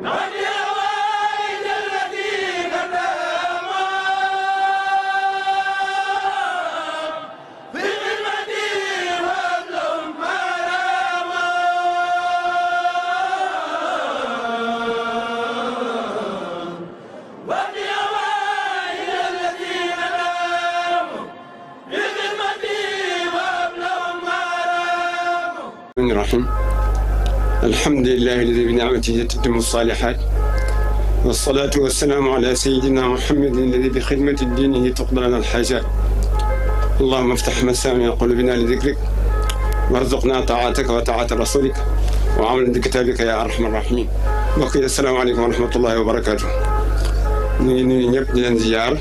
Not yet. التي تتم الصالحات والصلاة والسلام على سيدنا محمد الذي بخدمة دينه تقضى لنا الحاجات اللهم افتح مسامع قلوبنا لذكرك وارزقنا طاعتك وطاعة رسولك وعمل بكتابك يا أرحم الراحمين بقي السلام عليكم ورحمة الله وبركاته نبدأ ngi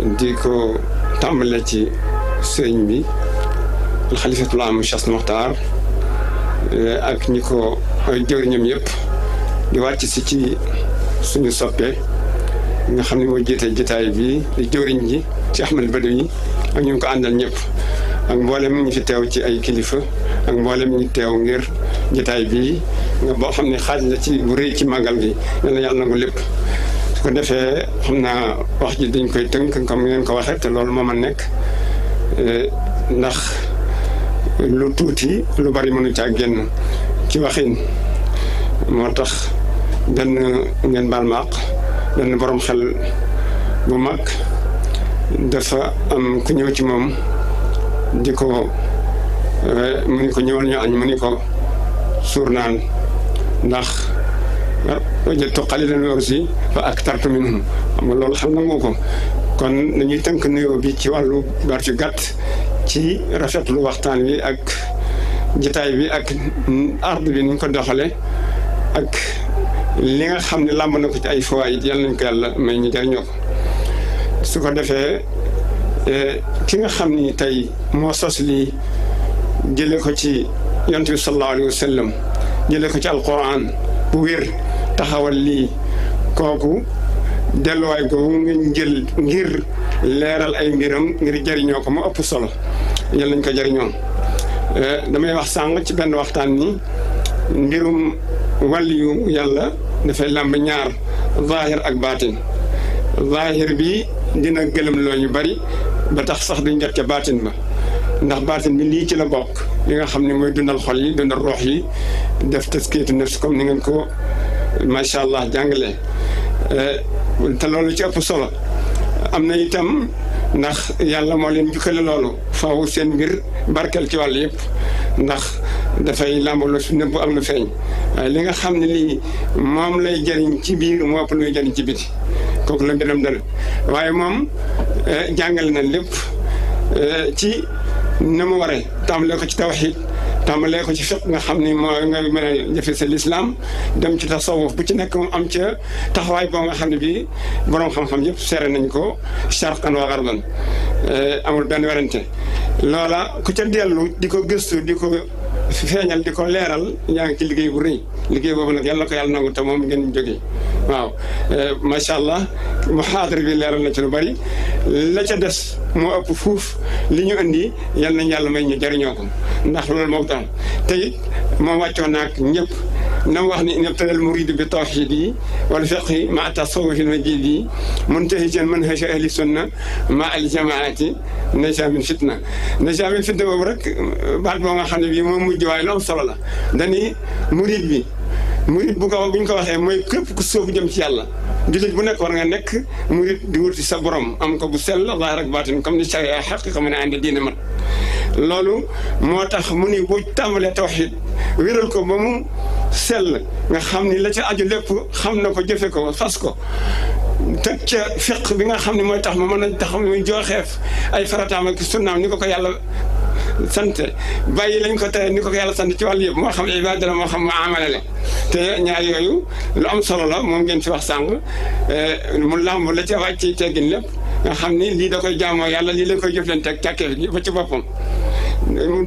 ديكو تعمل التي leen الخليفة di ko tàmbale ci Eh, ak ñi ko jëwriñam yëpp di wàcc si ci suñu soppe nga xam ne moo jiite jotaay bi di jëwriñ ji ci Ahmed Badawi ak ñu ko àndal ñëpp ak mboolem ñu fi teew ci ay kilifa ak mboolem ñu teew ngir jotaay bii nga boo xam ne xaaj la ci bu rëy ci màggal gi yàlla yàlla nangu lépp su ko defee xam naa wax ji dañ koy tënk comme ngeen ko waxee te loolu moo ma nekk eh, ndax lu tuti lu bari mënu ci agenn ci waxin motax dan ngeen baal maaq borom xel bu mak dafa am ku ñew ci mom diko ko eh, mu ko ñewal ñu añ mu ko wajatu qalilan warsi fa aktartu minhum am lool xam na moko kon dañuy tank nuyo bi ci walu bar ci ci rafetlu waxtaan wi ak jataay bi ak ard bi ni ko doxale ak li nga xam ne làmb na ko ci ay fawaayit yal nañ ko yàlla may ñu jariñoo ko su ko defee ki nga xam ni tey moo sos lii jële ko ci yonent bi sallallahu alayhi wa jële ko ci alquran bu wér taxawal lii kooku delluwaay googu nga jël ngir leeral ay mbiram ngir jariñoo ko mu ëpp solo yal nañ ko jëriñoo eh, damay wax sànq ci benn waxtaan ni mbirum wàlliyu yàlla dafay làmb ñaar zaahir ak baatin zaahir bi dina gëlëm loo ñu bari ba tax sax duñ jot ca baatin ba ndax baatin bi lii ci la bokk li nga xam ni mooy dundal xol yi dundal roox yi def taskiyatu nafs comme ni ngeen ko macha allah jàngalee eh, te loolu ci ëpp solo am na itam. ndax yàlla moo leen jukkale loolu faaw seen mbir barkeel ci wàll yëpp ndax dafay làmbaloo su nëbb ak lu feeñ waaye li nga xam ne lii moom lay jëriñ ci biir moo ëpp luy jëriñ ci biti kooku la mbiram dal waaye moom jàngale na lépp ci na mu waree tàmbalee ko ci tawxiid tàmbalee ko ci fiq nga xam ni mooy nga mën a jëfe sa lislaam dem ci tasawuf bu ci nekk mu am ca taxawaay boo nga xam ne bii boroom xam-xam yëpp seere nañ ko sharqan wa garban eh, amul benn werante loola ku ca dellu di ko gëstu di ko feeñal di ko leeral ñaa ngi ci liggéey bu rëy liggéey boobu nag yàlla ko yàlla nangu te moom ngeen joge waaw eh, macha allah muhaadara bi leeral na ci lu bari la ca des moo ëpp fuuf li ñu indi yal nañ yàlla may ñu jëriñoo ko ndax loolu moom tam te it moom wàccoo ñëpp نوه نعم، ان يبتلى المريد بالتوحيد والفقه مع التصوف المجيد منتهجا منهج اهل السنه مع الجماعات نجا من فتنه نجا من فتنه وبرك بعد ما خان بي مو مجوال صلى الله داني مريد بي مريد بوكا بين واخا موي كيب كو سوف جيم سي الله jullit bu nekk war nga nekk murit di wuti sa borom am ko bu sell zaahir ak baatin comme ni charia ka xam ne àndi diine mat loolu moo tax mu ni bu tàmbalee tawxid wéral ko ba mu sell nga xam ni la ca aju lépp xam na ko jëfe ko fas ko teg ca fiq bi nga xam ne mooy tax ma mën a tax muy jooxeef ay farataam ak sunnaam ni ko ko yàlla sant bàyyi lañ ko tere ni ko yàlla sant ci wàll yëpp moo xam ibaada la moo xam mu amala la te ñaar yooyu lu am solo la moom ngeen fi wax sànq mu làmb la ca wàcc ci teggin lépp nga xam ni lii da koy jaamoo yàlla lii la koy jëflante ak càkkeef ba ci boppam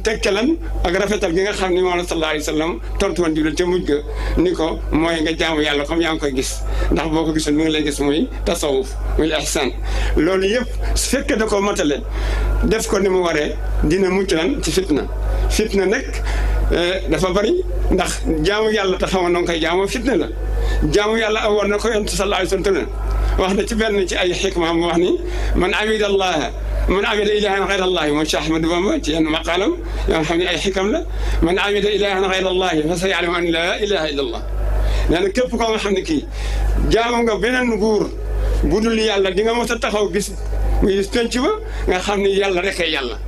tekkalan ak rafetal gi nga xam ni moom la sallallahu alayhi wa sallam tontu woon jullit ca mujj ga ni ko mooy nga jaamu yàlla comme yaa ngi koy gis ndax boo ko gisul mu ngi lay gis muy tasawuf muy ihsan loolu yëpp su fekkee da ko matale def ko ni mu waree dina mucc lan ci fitna fitna nag dafa bari ndax jaamu yàlla te xamoon na nga koy jaamu fitna la jaamu yàlla awoon na ko yonent sallallahu alayhi wa sallam wax na ci benn ci ay xikma mu wax ni man amida allah من عمل إلها غير الله من مش أحمد بموت يعني ما قالوا يعني حمد أي حكم له من عمل إلها غير الله فسيعلم أن لا إله إلا الله لأن كيف قال حمدك جاءهم بين النبور بدو لي يلا دينا ما تتخو بس ويستنجوا نخمن يلا رك يلا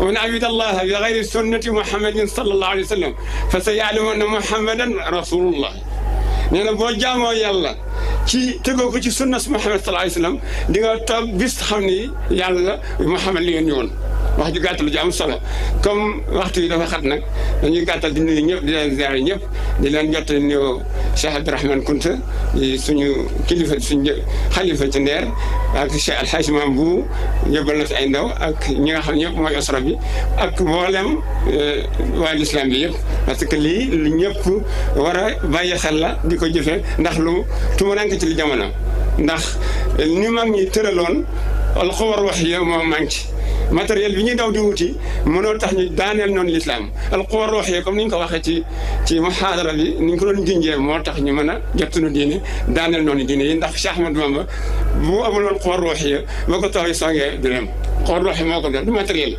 ومن عبد الله بغير سنة محمد صلى الله عليه وسلم فسيعلم أن محمدا رسول الله nee bo jamo yalla ci tegoo ko ci sunna Muhammad sallallahu Alaihi wasallam di nga toog bis xamni yalla Muhammad li yónni woon wax ju gatal ju am solo comme waxtu yi dafa xat nak dañuy gatal di nuyu ñep di leen ziar ñep di leen jot nuyoo شيخ عبد الرحمن كنت سنو كلفة سنو خليفة نير أك شيخ الحاج مامبو جبل نص عين دو أك نيغا خل نيب موي أسرابي أك مولم والي إسلام بيب أك لي نيب ورا باي خلا ديكو جفة نخلو تمرانك تلي جمانا نخ نيمان يترلون القوة الوحية ما مانكي matériel bi ñuy daw di wuti mënoo tax ñu daaneel noonu lislaam alquwa ruux yi comme ni ñu ko waxee ci ci muhaadara bi ni ñu ko doon jinjee moo tax ñu mën a jot suñu diine daaneel noonu diine yi ndax Cheikh Ahmadou Bamba bu amuloon quwa ruux yi boo ko tooy songee du dem quwa ruux yi moo ko def du matériel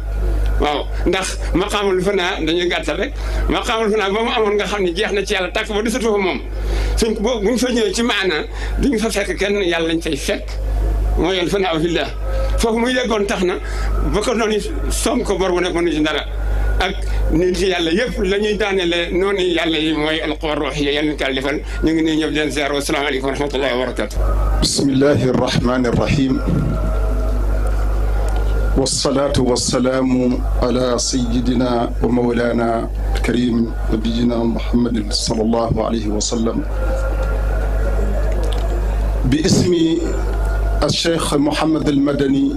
waaw ndax maqaamul fanaa dañuy gàttal rek maqaamul fanaa ba mu amoon nga xam ne jeex na ci yàlla tàkk ba desatu fa moom suñ bu ñu fa ñëwee ci maana duñ fa fekk kenn yàlla lañ fay fekk mooy alfanaa fillah fofu muy yeggoon tax na ba ko noonu Sonko bor bu nekk mënuñu ci dara ak nit ci yàlla yëpp la ñuy daanelee noonu yàlla yi mooy alquwa ruuxiya yal nañu ko yàlla defal ñu ngi nuyu ñëpp den leen ziar wa salaamaaleykum wa rahmatullahi wa barakaatu. bismillahi rahmani rahim. والصلاة والسلام على سيدنا ومولانا الكريم نبينا محمد صلى الله عليه وسلم باسم الشيخ محمد المدني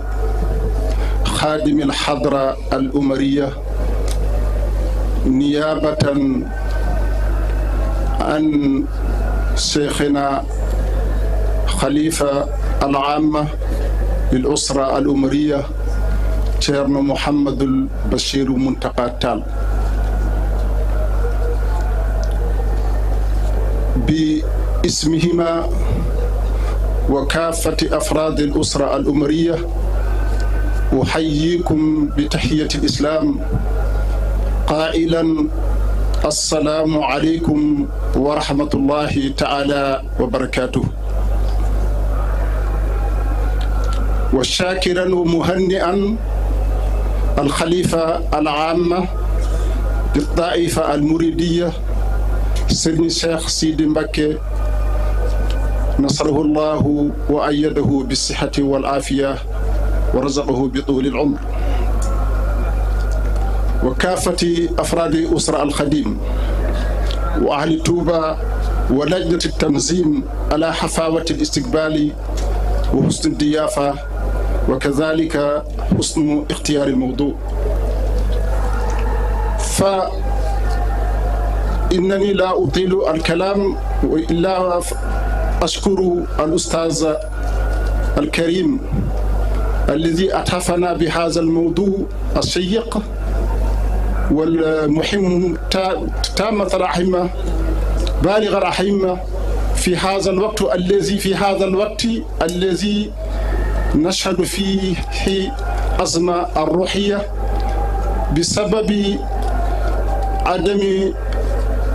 خادم الحضرة الأمرية نيابة عن شيخنا خليفة العامة للأسرة الأمرية تيرن محمد البشير منتقى التال باسمهما وكافة أفراد الأسرة الأمرية أحييكم بتحية الإسلام قائلا السلام عليكم ورحمة الله تعالى وبركاته وشاكرا ومهنئا الخليفة العامة للطائفة المريدية سيدنا الشيخ سيدي مبكي نصره الله وأيده بالصحة والعافية ورزقه بطول العمر وكافة أفراد أسرة الخديم وأهل توبة ولجنة التنظيم على حفاوة الاستقبال وحسن الضيافة وكذلك حسن اختيار الموضوع فإنني لا أطيل الكلام إلا أشكر الأستاذ الكريم الذي أتحفنا بهذا الموضوع الشيق والمهم تامة رحمة بالغ رحمة في هذا الوقت الذي في هذا الوقت الذي نشهد فيه أزمة الروحية بسبب عدم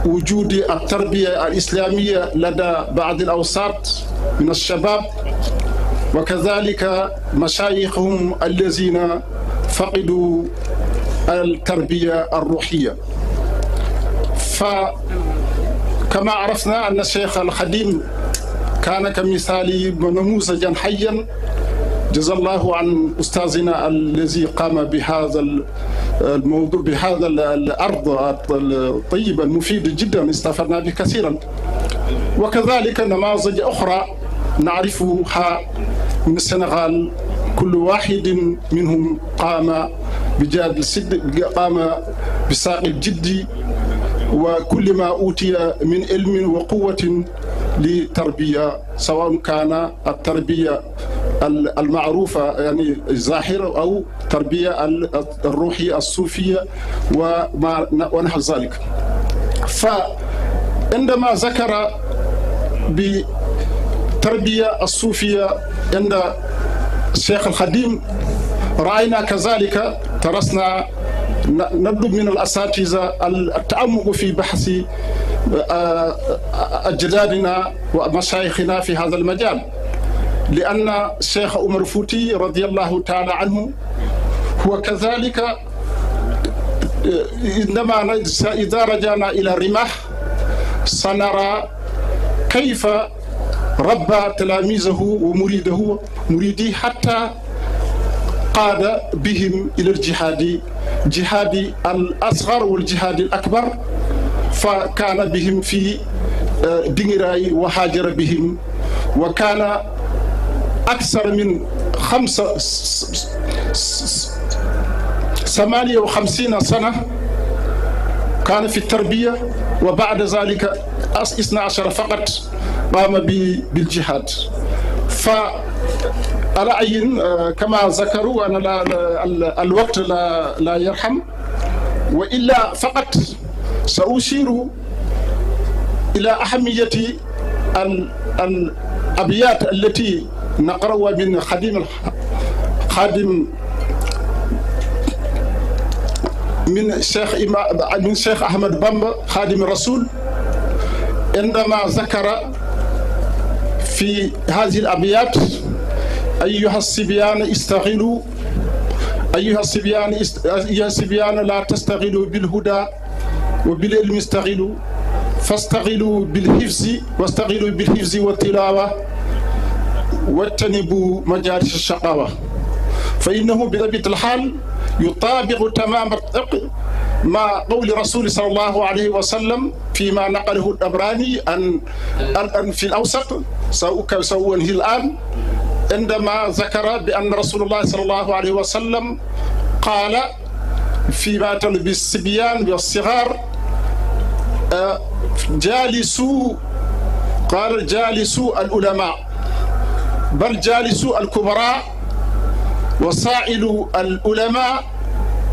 وجود التربية الإسلامية لدى بعض الأوساط من الشباب وكذلك مشايخهم الذين فقدوا التربية الروحية فكما عرفنا أن الشيخ الخديم كان كمثال ونموذجا حيا جزا الله عن أستاذنا الذي قام بهذا الموضوع بهذا الأرض الطيبة المفيدة جدا استفدنا به كثيرا وكذلك نماذج أخرى نعرفها من السنغال كل واحد منهم قام بجاد السد قام بساق الجدي وكل ما أوتي من علم وقوة لتربية سواء كان التربية المعروفة يعني الظاهرة أو التربية الروحية الصوفية وما ونحو ذلك فعندما ذكر بالتربية الصوفية عند الشيخ الخديم رأينا كذلك ترسنا نطلب من الأساتذة التعمق في بحث آه، أجدادنا ومشايخنا في هذا المجال لأن الشيخ عمر فوتي رضي الله تعالى عنه هو كذلك إنما إذا رجعنا إلى الرماح سنرى كيف ربى تلاميذه ومريده مريدي حتى قاد بهم إلى الجهاد جهاد الأصغر والجهاد الأكبر فكان بهم في آه، دنيراي وهاجر بهم وكان أكثر من خمسة ثمانية وخمسين سنة كان في التربية وبعد ذلك اثنا عشر فقط قام بالجهاد ف رأي آه، كما ذكروا أنا لا الوقت لا, لا يرحم وإلا فقط سأشير إلى أهمية الأبيات التي نقرأ من خادم خادم من شيخ من شيخ أحمد بامبا خادم الرسول عندما ذكر في هذه الأبيات أيها الصبيان استغلوا أيها الصبيان أيها الصبيان لا تستغلوا بالهدى وبالعلم استغلوا فاستغلوا بالحفظ واستغلوا بالحفظ والتلاوة واتنبوا مجالس الشقاوة فإنه بطبيعة الحال يطابق تمام ما قول رسول صلى الله عليه وسلم فيما نقله الأبراني أن أن في الأوسط سأنهي الآن عندما ذكر بأن رسول الله صلى الله عليه وسلم قال فيما تلبي الصبيان والصغار آه، جالسوا قال جالسوا العلماء بل جالس الكبراء وصائل العلماء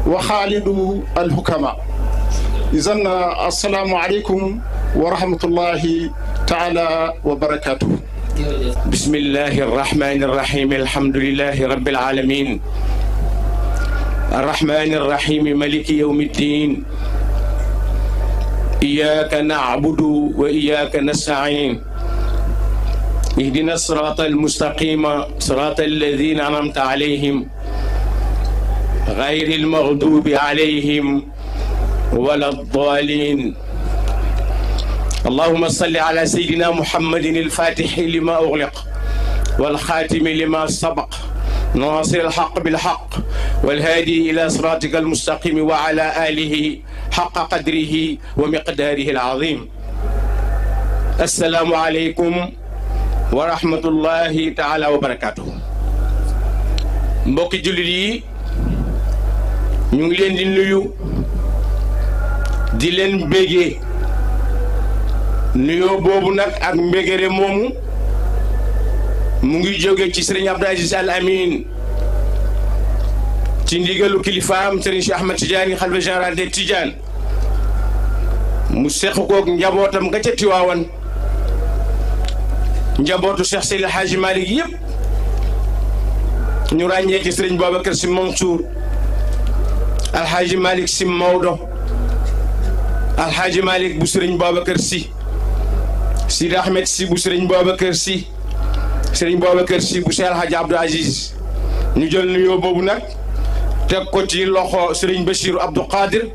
وخالد الحكماء إذا السلام عليكم ورحمة الله تعالى وبركاته بسم الله الرحمن الرحيم الحمد لله رب العالمين الرحمن الرحيم ملك يوم الدين إياك نعبد وإياك نستعين اهدنا الصراط المستقيم صراط الذين أنعمت عليهم غير المغضوب عليهم ولا الضالين اللهم صل على سيدنا محمد الفاتح لما أغلق والخاتم لما سبق ناصر الحق بالحق والهادي إلى صراطك المستقيم وعلى آله حق قدره ومقداره العظيم السلام عليكم wa rahmatullahi wa barakaatu. mbokki jullit yi ñu ngi leen di nuyu di leen bégee nuyoo boobu nag ak mbégere moomu mu ngi jóge ci sëriñ Abdou Aziz Al Amin ci ndigalu kilifaam sëriñ Cheikh Ahmed Tidiane xalifa général des Tidiane mu seq koog njabootam nga ca Tiwaawan njabootu Cheikh Seydil Hadji Malick yëpp ñu ràññee ci sëriñ Babacar Sy Mansour alxaaji Malick Sy Maodo alxaaji Malick bu sëriñ Babacar Sy Sidi Ahmed Sy bu sëriñ Babacar Sy sëriñ Babacar Sy bu Cheikh Alxaaji Abdou Aziz ñu jël nuyoo boobu nag teg ko ci loxo sëriñ Bachir Abdou Qadir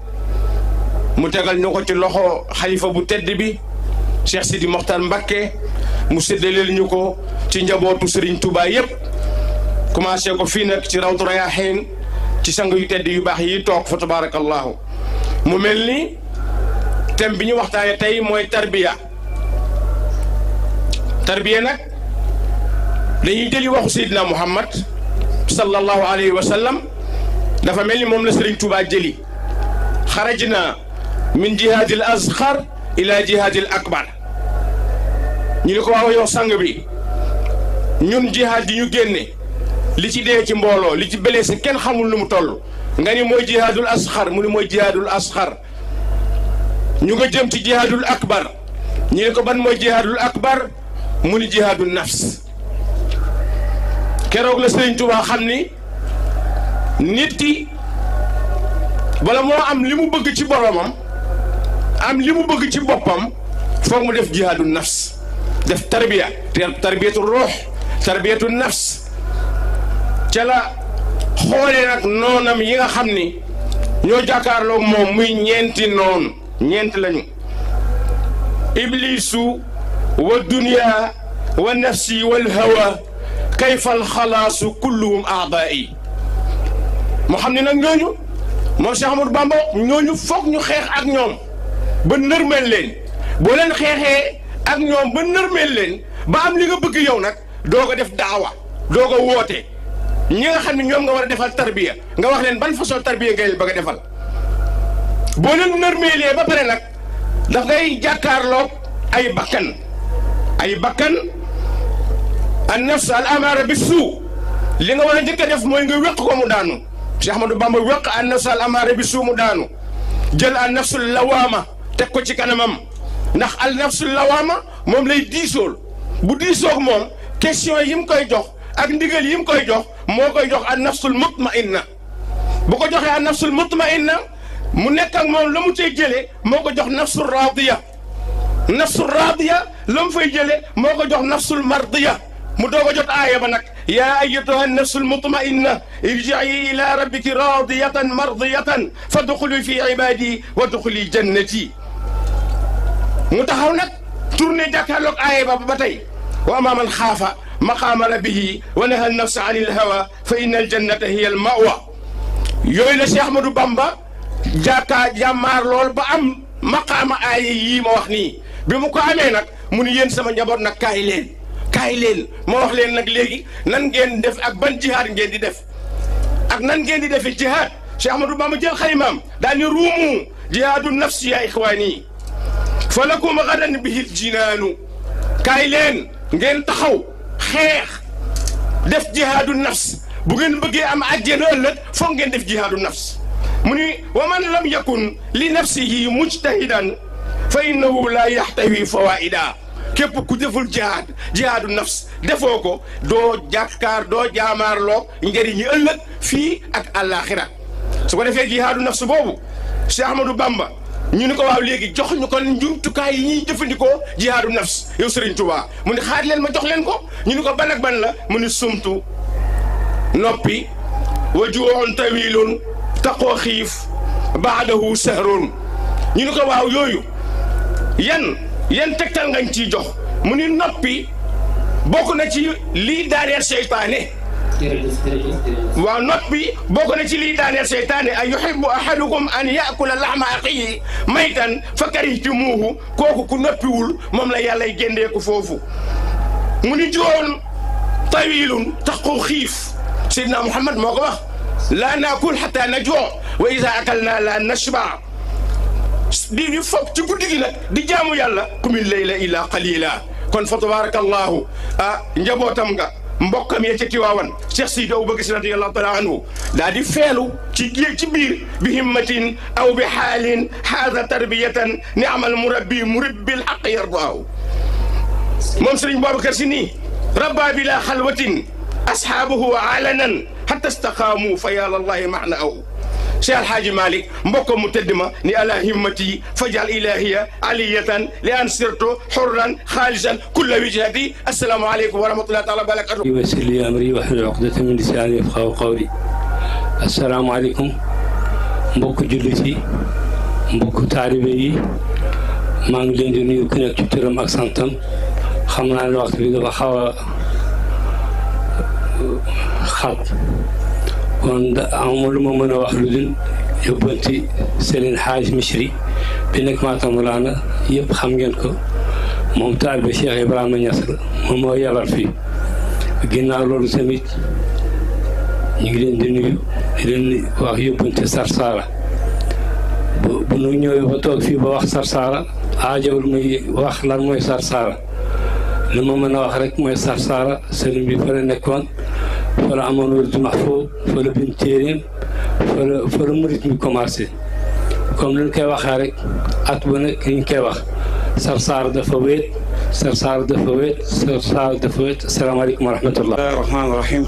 mu tegal ñu ko ci loxo xalifa bu tedd bi Cheikh Sidi Mokhtar Mbacké mu séddaleel ñu ko ci njabootu Serigne Touba yépp commencé ko fii nag ci rawdu rayaaxiin ci sang yu tedd yu baax yi toog fa tabaarakallaahu mu mel ni thème bi ñu waxtaanee tey mooy tarbiya tarbiya nag dañuy jëli waxu Seydina Muhammad sallallahu alayhi wa sallam dafa mel ni moom la Serigne Touba jëli xarajna min jihaadil asxar ila jihaadil akbar ñu ni ko waaw yow sang bi ñun jihaad yi ñu génne li ci dee ci mbooloo li ci bëlee kenn xamul lu mu toll nga ni mooy jihaadul asxar mu ni mooy jihaadul asxar ñu nga jëm ci jihaadul akbar ñu ne ko ban mooy jihaadul akbar mu ni jihaadul nafs keroog la Sëriñ Tuubaa xam ni nit ki bala moo am li mu bëgg ci boromam am li mu bëgg ci boppam foog mu def jihaadul nafs ده تربية تربية الروح تربية النفس تلا خولي نك نونم ييغا خامني ньо جاكارلو موم مي نينتي نون نينت لاني ابليس والدنيا والنفس والهوى كيف الخلاص كلهم اعضائي محمد نك نيو مو شيخ محمود بامبو نيو فوك نيو خيخ اك نيوم بولن خيخه ak ñoom ba nërmeel leen ba am li nga bëgg yow nag doo ko def daawa doo ko woote ñi nga xam ne ñoom nga war a defal tarbiya nga wax leen ban façon tarbiya ngay bëgg a defal boo leen nërmeelee ba pare nag daf ngay jàkkaarlook ay bakkan ay bakkan an nafs al amaara bi suu li nga war a njëkk def mooy nga wéq ko mu daanu Cheikh Ahmadou Bamba wéq an nafs al amaara bi suu mu daanu jël a nafsul lawaama teg ko ci kanamam ndax al nafsul lawaama moom lay disol bu disok mom question yi mu koy jox ak ndigal yi mu koy jox mo koy jox al nafsu mutmainna bu ko joxe al nafsu mutmainna mu nek ak mom lamu mu jele moko jox nafsu radiya nafsu radiya lam fay jele moko jox nafsu mardiya mu dogo jot aya ba nag يا أيتها النفس المطمئنة ارجعي إلى ربك راضية مرضية فادخلي في عبادي وادخلي جنتي متخاو نك تورني جاكالوك اي بابا باتاي وما من خاف مقام ربه ونهى النفس عن الهوى فان الجنه هي الماوى يوي لا شيخ احمد بامبا جاكا جامار لول با مقام اي يي ما وخني بيمكو من يين سما نيابور نك كايلين لين كاي لين ما وخ لين نك لغي نان نين ديف اك بان جهاد نين دي ديف اك نان نين دي ديف شيخ احمد بامبا جيل خيمام داني رومو جهاد النفس يا اخواني فلكم غدا به الجنان كايلين نجين تخو خيخ دف جهاد النفس بغن بغي أم اجينا عجل ولد فنجين دف جهاد النفس مني ومن لم يكن لنفسه مجتهدا فإنه لا يحتوي فوائدا كيف كدف الجهاد جهاد النفس دفوكو دو جاكار دو جامار لو نجري في أك الآخرة سوف نفعل جهاد النفس بوبو شيخ أحمد بامبا ñu ni ko waaw léegi jox ñu kon njumtukaay yi ñuy jëfandikoo jihaadu nafs yow Serigne Touba mu ni xaar leen ma jox leen ko ñu ni ko ban ak ban la mu ni sumtu noppi wa juwoon tawilun koo xiif baadahu sahroon ñu ni ko waaw yooyu yan yan tegtal ngañ ciy jox mu ni noppi bokk na ci lii daaneel seytaane ونبي بغنتي ليتان يا شيطان أن يحب أحدكم أن يأكل اللحم أخيه ميتا فكرهتموه كوكو كنبيول مملا يالاي جندي كفوفو من جون طويل تقو خيف سيدنا محمد مغوى لا نأكل حتى نجوع وإذا أكلنا لا نشبع دي فوق تي غودي دي دي جامو يالا كوم الليل الا قليلا كون فتبارك الله ا نجابوتام mbokam ya ci tiwawan cheikh sidi abou bakr allah ta'ala anhu dadi felu ci ci bir bi himmatin aw bi halin hadha tarbiyatan ni'mal murabbi murabbi alhaq haq yardahu mom serigne babou babakar sini rabba bila khalwatin ashabuhu alanan hatta istaqamu fa ya allah ma'na aw شيخ الحاج مالك مبوكو متدما ني على همتي فجعل الهي علية لان صرت حرا خالصا كل وجهتي السلام عليكم ورحمه الله تعالى وبركاته. يسر لي امري واحلل عقدة من لساني يفقهوا قولي. السلام عليكم مبوكو جلسي مبوكو تعريبي مانجلين دوني وكنا كتيرم اكسانتم خمنا الوقت بيدو بخاوة خط kon da amul lu ma mën a wax lu dul yóbbanti Serigne Hadj Misri bi nekk Matam Mawlaana yëpp xam ngeen ko moom taalibe Cheikh Ibrahima Niass la moom moo yabal fii ginnaaw loolu tamit ñu ngi leen di nuyu di leen wax yóbbante Sarsara bu bu ñu ñëwee ba toog fii ba wax Sarsara aajowul muy wax lan mooy Sarsara li ma mën a wax rek mooy Sarsara sëriñ bi fa la nekkoon. ولا عمان ولد محفوظ ولا بنتيرين ولا ولا مريت من كومارسي كم لن كي وخاري أتبنى كين كي وخ سرسار دفويت سرسار دفويت سرسار دفويت السلام عليكم ورحمة الله بسم الله الرحمن الرحيم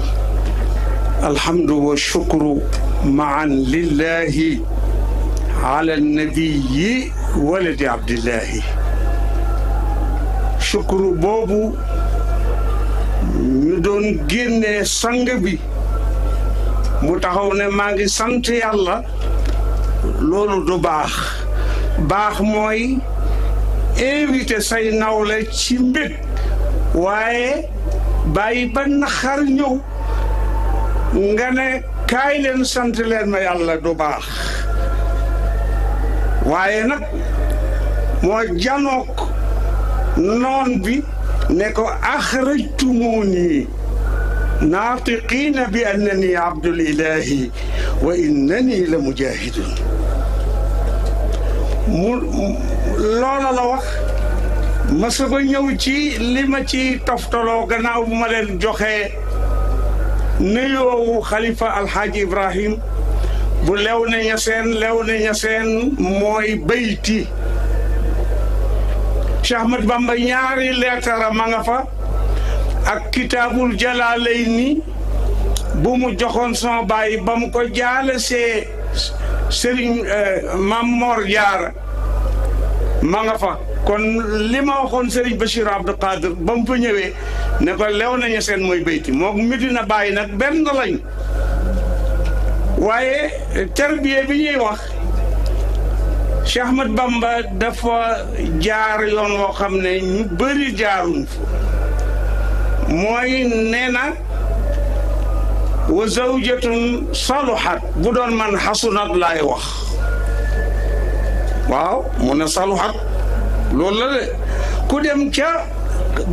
الحمد والشكر معا لله على النبي ولد عبد الله شكر بابو doon génne sang bi mu taxaw ne maa ngi sant yàlla loolu du baax baax mooy invité say nawle ci mbég waaye bàyyi ba naxar ñëw nga ne kaay leen sant leen ma yàlla du baax waaye nag moo janook noon bi نيكو أخرجتموني ناطقين بأنني عبد الإله وإنني لمجاهد لولا لوخ ما سبا نيوتي لما تي تفتلو غناو مالين جوخي نيو خليفه الحاج ابراهيم بو لو نيا سين لو نيا سين موي بيتي Cheikh Ahmad Bamba ñaari leetara ma nga fa ak kitaabul jalaalayni bu mu joxoon sama baay ba mu ko jaale see Serigne euh, Mam Mor Jaara ma nga fa kon li ma waxoon Serigne Bachir Abdou Qadir ba mu fa ñëwee ne ko lew na seen mooy béyti mook Medina Baay nag benn lañ waaye terbiye bi ñuy wax Cheikh Ahmad Bamba dafa jaar yoon woo xam ne ñu bëri jaaruñ fa mooy nee na wa zawjatun saluhat bu doon man xasunat laay wax waaw mu ne saluhat loolu la de ku dem ca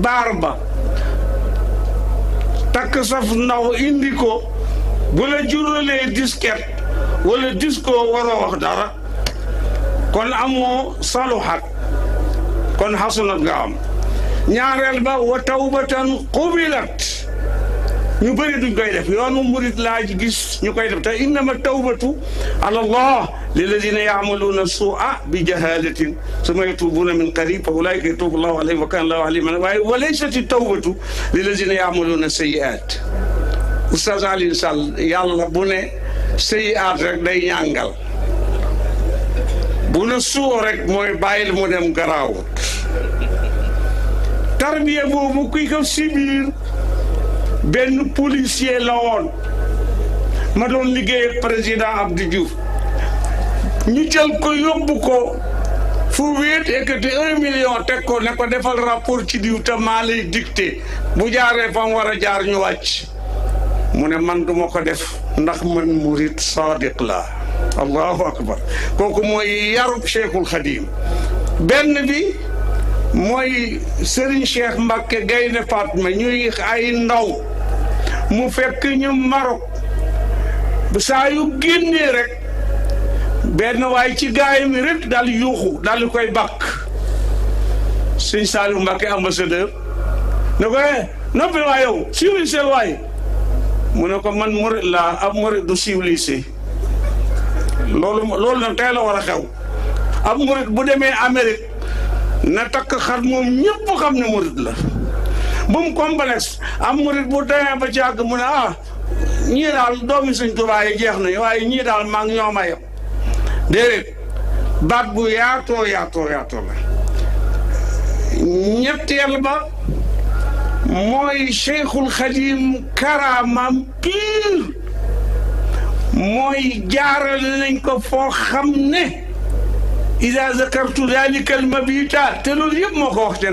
baar ba takk saf ndaw indi ko bu la juralee disket wala disko waroo wax dara kon amoo saluhat kon xasunat nga am ñaareel ba wa tawbatan qubilat ñu bëri duñ koy def yoonu murit laa ji gis ñu koy def te innama tawbatu ala allah liladina yaamaluuna suua bi jahalatin suma yatubuuna min qarib fa ulaika yatubu allahu alayhim wa kana allahu aliman waaye walaysati tawbatu liladina yaamaluuna sayiat oustaz Alioune Sall yàlla bu ne sayiat rek day ñàngal bu la suwoo rek mooy bàyyil mu dem garaawut tarbiya boobu kuy ko si biir benn policier la woon ma doon liggéey ak président Abdou Diouf ñu jël ko yóbbu ko fu wéet ekkati un million teg ko ne ko defal rapport ci diw te maa lay bu jaaree fam war a jaar ñu wàcc mu ne man duma ko def ndax man murit sadiq laa allahu akbar kooku mooy yarub cheikhul xadim benn bi mooy Serigne Cheikh Mbacke Gaynde Fatma ñuy ay ndaw mu fekk ñu Maroc saa yu génnee rek benn waay ci gaay mi rek daal yuuxu daal di koy bàkk Serigne Saliou Mbacke ambassadeur ne ko eh, noppi waa yow siwli seen mu ne ko man murit laa ab murit du siwli si loolu loolu nag tey la war a xew ab murit bu demee Amérique na takk xar moom ñëpp xam ne murit la bu mu ab murit bu demee ba ci àgg mu ne ah ñii daal doomi Sëñ Tuubaa jeex nañu waaye ñii daal maa ngi ñoom a yem baat bu yaatoo yaatoo yaatoo la ñetteel ba mooy Cheikhul Xadim karaamam pire mooy jaaral nañ ko foo xam ne ida zakartu dalika al mabita te loolu yëpp moo ko wax te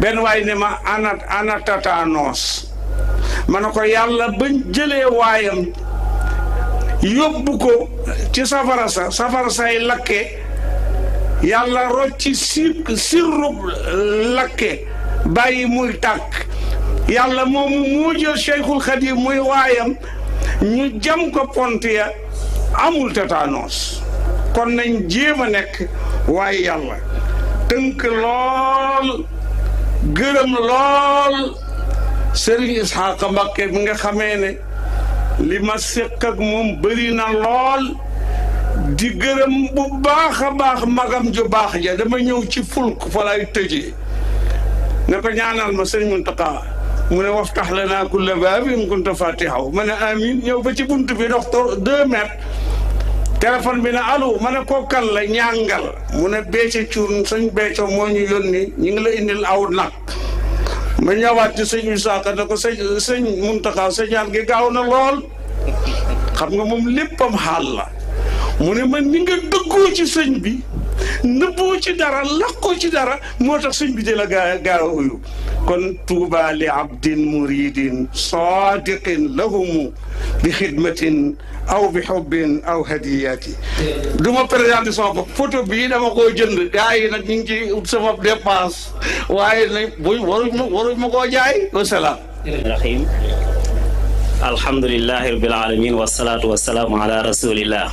benn waay ne ma ana ana tatanoos ko yàlla bañ jëlee waayam yóbbu ko ci safara sa safara say lakke yàlla rocci sirrub lakke bàyyi muy tàkk yàlla moomu moo jël Cheikhul Khadim muy waayam ñu jam ko pont ya amul tétanos kon nañ jéem a nekk waaye yàlla tënk lool gërëm lool Serigne Isxaaqa Mbàkke bi nga xamee ne li ma séq ak moom bëri na lool di gërëm bu baax a baax magam ju baax ja dama ñëw ci fulk fa lay tëjee ne ko ñaanal ma sëñ Muntaqa mu ne waftax lanaa kulla baabin kunta faatixaw ma ne amin ñëw ba ci bunt bi dox deux mètres téléphone bi na allo ma ne kooku kan la ñàngal mu ne Béthio Thioune sëñ Béthio moo ñu yónni ñu ngi la indil aw nag ma ñawaat ci sëñ Isaaka ne ko sëñ sëñ Muntaxa sëñaan gi gaaw na lool xam nga moom léppam xaal la mu ne man ci sëñ bi nëbboo ci dara laqoo ci dara moo tax sëñ bi di la gaa gaaw a uyu kon tuuba li abdin muridin sadiqin lahumu bi xidmatin aw bi xubbin aw hadiyati du ma présenté sama bopp photo bii dama koo jënd gars yi nag ñu ngi ci ut sama dépense waaye nag bu waruñ ma waruñ ma koo jaay wasalaam rahim alhamdulilahi rabbil alamin wasalaatu wasalaamu ala rasulillah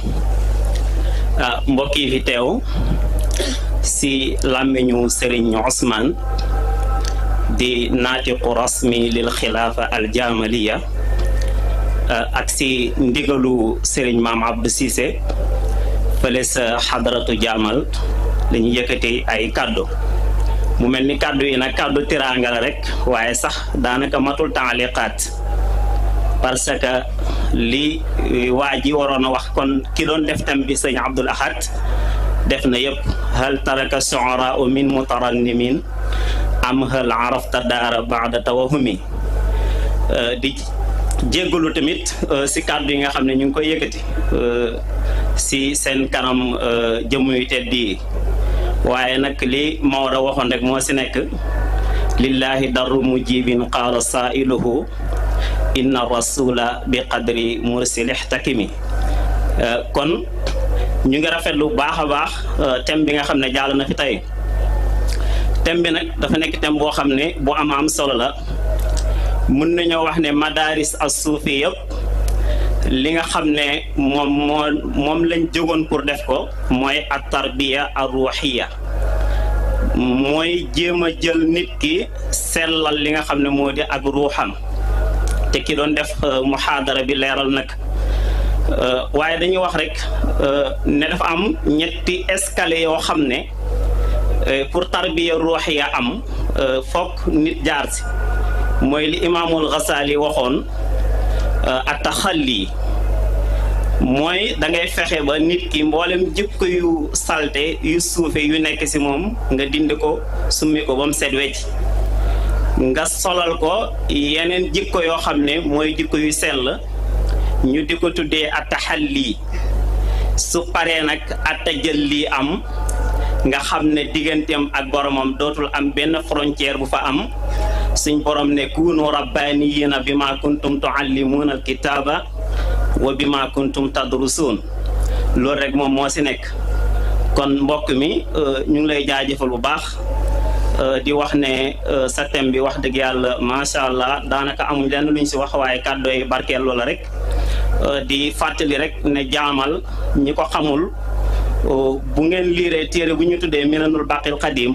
ah mbokk yi fi teew si làmmiñu Serigne Ousmane di nati rasmi lil khilafa al jamaliya eh, ak si ndigalu Serigne mam abd Cissé Jamal, sa xadaratu jamal dañu yëkkati ay cadeau mu melni ni yi nag cadeau teranga la rek waye sax danaka matul taliqat parce que li eh, waji warona wax kon ki doon def tam bi serigne Abdul Ahad def na yëpp هل ترك الشعراء من مترنم am hal arafta daara baada tawahumi di jéggalu tamit si kàddu yi nga xam ne ñu ngi koy yëkkati si seen kanam jëmm yu tedd yi waaye nag li Maodo waxoon rek moo si nekk lillahi darru mujibin qaala sailuhu inna rasula bi qadri mursili xtakimi kon ñu ngi rafetlu bu baax a baax euh, thème bi nga xam ne jàll na fi tey thème bi nag dafa nekk thème boo xam ne bu am am solo la mën nañoo wax ne madaris as suufi yëpp li nga xam ne moom moo moom lañ jógoon pour def ko mooy at tarbiya ar ruhiya mooy jéem a jël nit ki sellal li nga xam ne moo di ak ruuxam te ki doon def euh, muhaadara bi leeral nag Euh, waaye dañuy wax rek euh, ne dafa am ñetti escalier yoo xam ne euh, pour tarbiya ruuxiya am fokk nit jaar si mooy li imaamul Ghazali waxoon ataxalli mooy dangay fexe ba nit ki mboolem jikko yu salte yu suufe yu nekk si moom nga dindi ko summi ko ba mu set wecc nga solal ko yeneen jikko yoo xam ne mooy jikko yu sell ñu di ko tuddee attaxalli su paree nag attajalli am nga xam ne digganteem ak boromam dootul am benn frontière bu fa am suñ borom ne kuunu rabbaaniyina bi ma kuntum tuallimuuna alkitaaba wa bi ma kuntum tadrusuun loolu rek moom moo si nekk kon mbokk mi euh, ñu ngi lay jaajëfal bu baax Euh, di wax ne euh, sa thème bi wax dëgg yàlla macha allah daanaka amuñ lenn luñ si wax waaye kàddu barkeel loola rek euh, di fàttali rek ne jaamal ñi ko xamul bu ngeen liiree téere bu ñu tuddee Minanul Baqil Qadim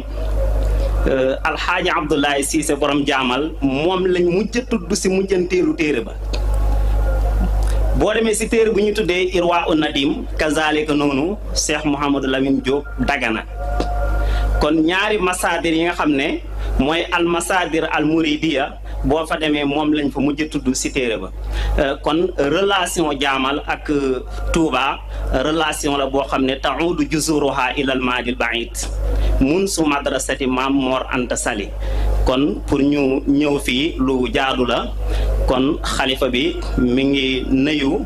alxaaji Abdoulaye Cissé borom jaamal moom lañ mujj tudd si mujjanteelu téere ba boo demee si téere bu ñu tuddee Irwa u Nadim kazalika noonu Cheikh Mouhamadou Lamine Diop Dagana kon ñaari masadir yi nga xamne moy al masadir al muridiya bo fa deme mom lañ fa mujjé tuddu si téere ba kon relation jamal ak Touba relation la bo xamne taudu juzuruha ila al madil baid mun su madrasati mam Mor Anta Sali kon pour ñu ñëw fi lu jaadu la kon khalifa bi mi ngi nuyu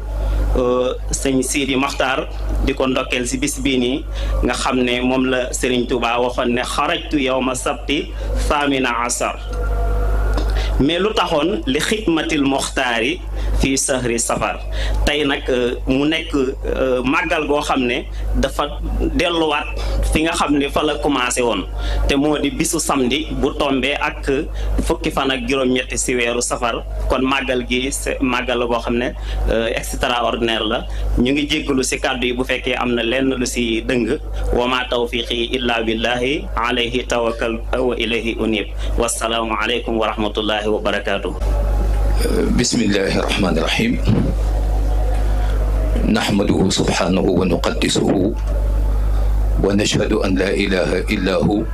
sëñ Sidi Maxtaar di ko ndokkeel si bis bii nii nga xam ne moom la Serigne Touba waxoon ne xarajtu yawma sabti thamina asar mais lu taxoon li xidmatil moxtaar yi fi sahri safar tay nak eh, mu nek eh, magal go xamne ne delu wat fi nga xamne ne fa la commencé won te modi di bisu samedi bu tombé ak fukki fan ak juroom ñetti ci wéru safar kon magal gi magal go xamne ne extraordinaire eh, la ñu ngi jéggulu ci cadre yi bu amna lenn lu si deung wa ma tawfiqi illa billahi alayhi tawakkal wa ilayhi unib wassalamu alaykum wa rahmatullahi wa barakatuh بسم الله الرحمن الرحيم نحمده سبحانه ونقدسه ونشهد أن لا إله إلا هو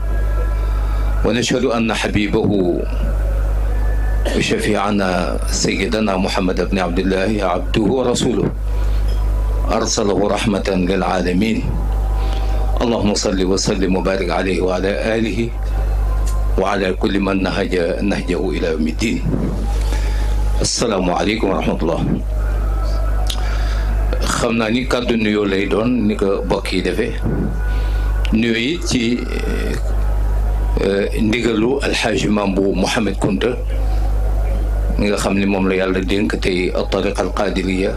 ونشهد أن حبيبه وشفيعنا سيدنا محمد بن عبد الله عبده ورسوله أرسله رحمة للعالمين اللهم صل وسلم وبارك عليه وعلى آله وعلى كل من نهج نهجه إلى يوم الدين السلام عليكم ورحمة الله خمنا ني كادو نيو لي دون نيكو بوكي ديفي نيو تي ندغلو الحاج مامبو محمد كنت ميغا خامني موم لا يالا دينك تي الطريقه القادريه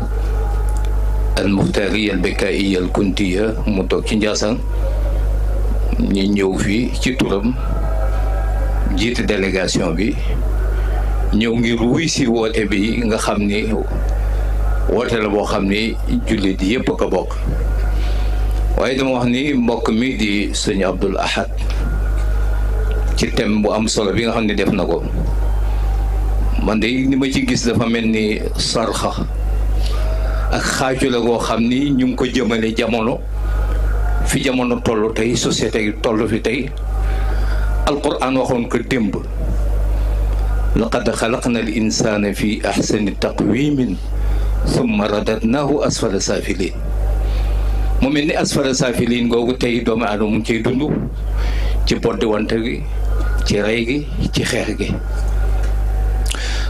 المختاريه البكائيه الكنتيه موتو كينجاسان ني نيو في تي تورم جيت ديليغاسيون بي ñëw ngir wuy si woote bi nga xam ni woote la boo xam ni jullit yépp a ko bokk waaye dama wax ni mbokk mi di sëñ Abdul Ahad ci thème bu am solo bi nga xam ne def na ko man de ni ma ci gis dafa mel ni sarxa ak xaaju la goo xam ni ñu ngi ko jëmale jamono fi jamono toll tey société yi toll fi tey alquran waxoon ko démb لقد خلقنا الإنسان في أحسن تقويم ثم رددناه أسفل سافلين ممن أسفل سافلين غو دو ما علوم تي تي بورد وانتي تي رايغي تي خيرغي